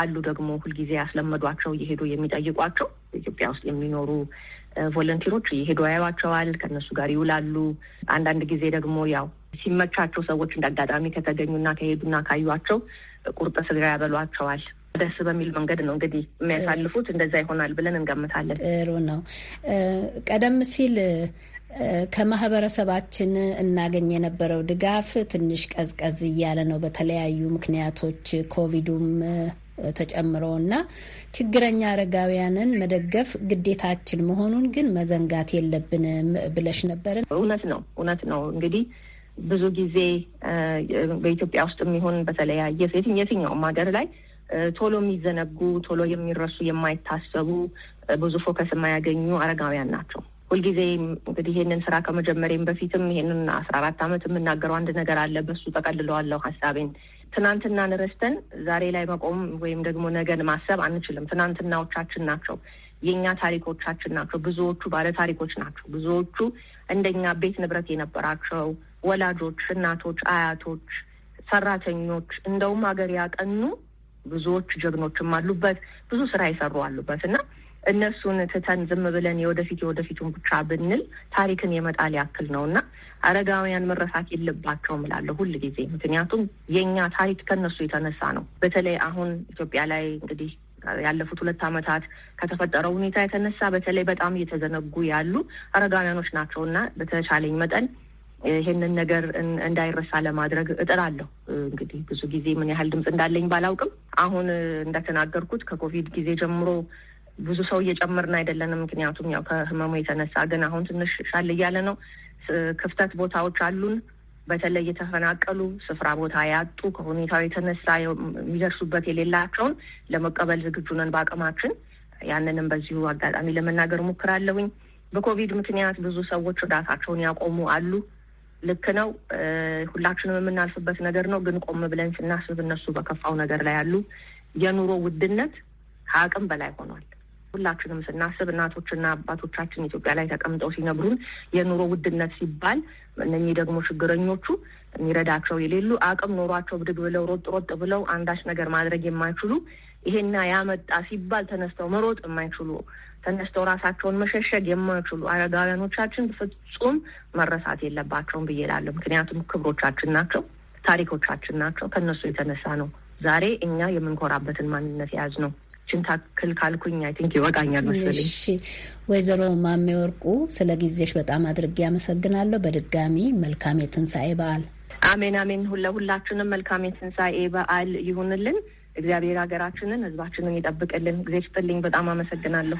አሉ ደግሞ ሁልጊዜ ያስለመዷቸው እየሄዱ የሚጠይቋቸው ኢትዮጵያ ውስጥ የሚኖሩ ቮለንቲሮች እየሄዱ ያዩቸዋል፣ ከእነሱ ጋር ይውላሉ። አንዳንድ ጊዜ ደግሞ ያው ሲመቻቸው ሰዎች እንደ አጋጣሚ ከተገኙና ከሄዱና ካዩቸው ቁርጥ ስጋ ያበሏቸዋል። ደስ በሚል መንገድ ነው እንግዲህ የሚያሳልፉት። እንደዛ ይሆናል ብለን እንገምታለን። ጥሩ ነው። ቀደም ሲል ከማህበረሰባችን እናገኝ የነበረው ድጋፍ ትንሽ ቀዝቀዝ እያለ ነው በተለያዩ ምክንያቶች ኮቪዱም ተጨምሮና ችግረኛ አረጋውያንን መደገፍ ግዴታችን መሆኑን ግን መዘንጋት የለብንም ብለሽ ነበር። እውነት ነው፣ እውነት ነው። እንግዲህ ብዙ ጊዜ በኢትዮጵያ ውስጥ የሚሆን በተለያየ የትኛውም ሀገር ላይ ቶሎ የሚዘነጉ ቶሎ የሚረሱ የማይታሰቡ ብዙ ፎከስ የማያገኙ አረጋውያን ናቸው። ሁልጊዜ እንግዲህ ይሄንን ስራ ከመጀመሪያም በፊትም ይሄንን አስራ አራት አመት የምናገረው አንድ ነገር አለ። በሱ ጠቀልለዋለሁ ሀሳቤን ትናንትናን ረስተን ዛሬ ላይ መቆም ወይም ደግሞ ነገን ማሰብ አንችልም። ትናንትናዎቻችን ናቸው፣ የእኛ ታሪኮቻችን ናቸው። ብዙዎቹ ባለ ታሪኮች ናቸው። ብዙዎቹ እንደኛ ቤት ንብረት የነበራቸው ወላጆች፣ እናቶች፣ አያቶች፣ ሰራተኞች እንደውም ሀገር ያቀኑ ብዙዎች ጀግኖችም አሉበት፣ ብዙ ስራ የሰሩ አሉበት እና እነሱን ትተን ዝም ብለን የወደፊት የወደፊቱን ብቻ ብንል ታሪክን የመጣል ያክል ነው እና አረጋውያን መረሳት የለባቸውም እላለሁ ሁል ጊዜ። ምክንያቱም የእኛ ታሪክ ከነሱ የተነሳ ነው። በተለይ አሁን ኢትዮጵያ ላይ እንግዲህ ያለፉት ሁለት ዓመታት ከተፈጠረው ሁኔታ የተነሳ በተለይ በጣም እየተዘነጉ ያሉ አረጋውያኖች ናቸው እና በተቻለኝ መጠን ይሄንን ነገር እንዳይረሳ ለማድረግ እጥራለሁ። እንግዲህ ብዙ ጊዜ ምን ያህል ድምፅ እንዳለኝ ባላውቅም አሁን እንደተናገርኩት ከኮቪድ ጊዜ ጀምሮ ብዙ ሰው እየጨመርን አይደለንም። ምክንያቱም ያው ከህመሙ የተነሳ ግን አሁን ትንሽ ሻል እያለ ነው። ክፍተት ቦታዎች አሉን። በተለይ የተፈናቀሉ ስፍራ ቦታ ያጡ ከሁኔታው የተነሳ የሚደርሱበት የሌላቸውን ለመቀበል ዝግጁ ነን በአቅማችን። ያንንም በዚሁ አጋጣሚ ለመናገር እሞክራለሁኝ። በኮቪድ ምክንያት ብዙ ሰዎች እርዳታቸውን ያቆሙ አሉ። ልክ ነው። ሁላችንም የምናልፍበት ነገር ነው። ግን ቆም ብለን ስናስብ እነሱ በከፋው ነገር ላይ ያሉ የኑሮ ውድነት ከአቅም በላይ ሆኗል። ሁላችንም ስናስብ እናቶችና አባቶቻችን ኢትዮጵያ ላይ ተቀምጠው ሲነግሩን የኑሮ ውድነት ሲባል እነኚህ ደግሞ ችግረኞቹ የሚረዳቸው የሌሉ አቅም ኖሯቸው ብድግ ብለው ሮጥ ሮጥ ብለው አንዳች ነገር ማድረግ የማይችሉ ይሄና ያመጣ ሲባል ተነስተው መሮጥ የማይችሉ ተነስተው ራሳቸውን መሸሸግ የማይችሉ አረጋውያኖቻችን ፍጹም መረሳት የለባቸውም ብዬ እላለሁ። ምክንያቱም ክብሮቻችን ናቸው፣ ታሪኮቻችን ናቸው። ከእነሱ የተነሳ ነው ዛሬ እኛ የምንኮራበትን ማንነት የያዝ ነው። ችን ታክል ካልኩኝ አይ ቲንክ ይወጣኛል መሰለኝ። ወይዘሮ ማሜ ወርቁ ስለ ጊዜሽ በጣም አድርጌ አመሰግናለሁ። በድጋሚ መልካም የትንሣኤ በዓል። አሜን አሜን። ለሁላችንም መልካም የትንሣኤ በዓል ይሁንልን። እግዚአብሔር ሀገራችንን፣ ህዝባችንን ይጠብቅልን። ጊዜ ስጥልኝ። በጣም አመሰግናለሁ።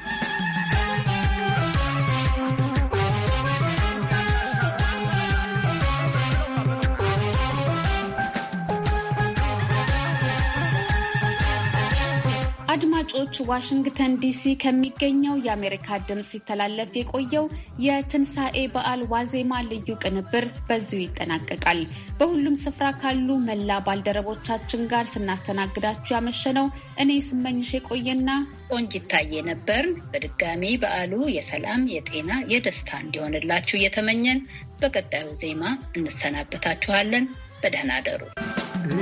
አድማጮች፣ ዋሽንግተን ዲሲ ከሚገኘው የአሜሪካ ድምፅ ሲተላለፍ የቆየው የትንሣኤ በዓል ዋዜማ ልዩ ቅንብር በዚሁ ይጠናቀቃል። በሁሉም ስፍራ ካሉ መላ ባልደረቦቻችን ጋር ስናስተናግዳችሁ ያመሸነው እኔ ስመኝሽ የቆየና ቆንጅ ይታየ ነበር። በድጋሚ በዓሉ የሰላም፣ የጤና፣ የደስታ እንዲሆንላችሁ እየተመኘን በቀጣዩ ዜማ እንሰናበታችኋለን። በደህና አደሩ።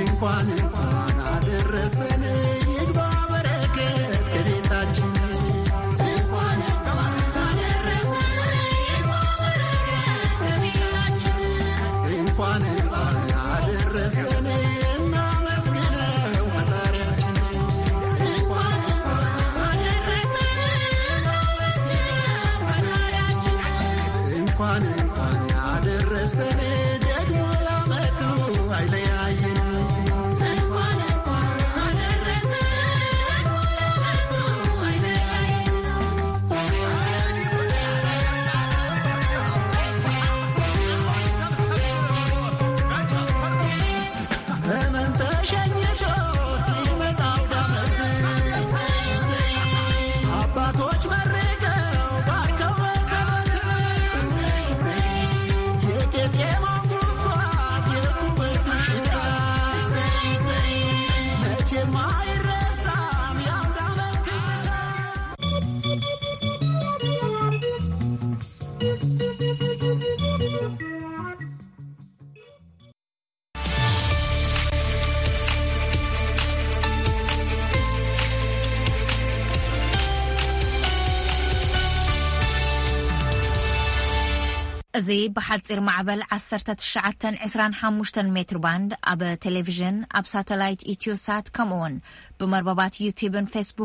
እንኳን እንኳን አደረሰን Sene እዚ ብሓፂር ማዕበል 1925 ሜትር ባንድ ኣብ ቴሌቭዥን ኣብ ሳተላይት ኢትዮሳት ከምኡውን ብመርበባት ዩቲብን ፌስቡክ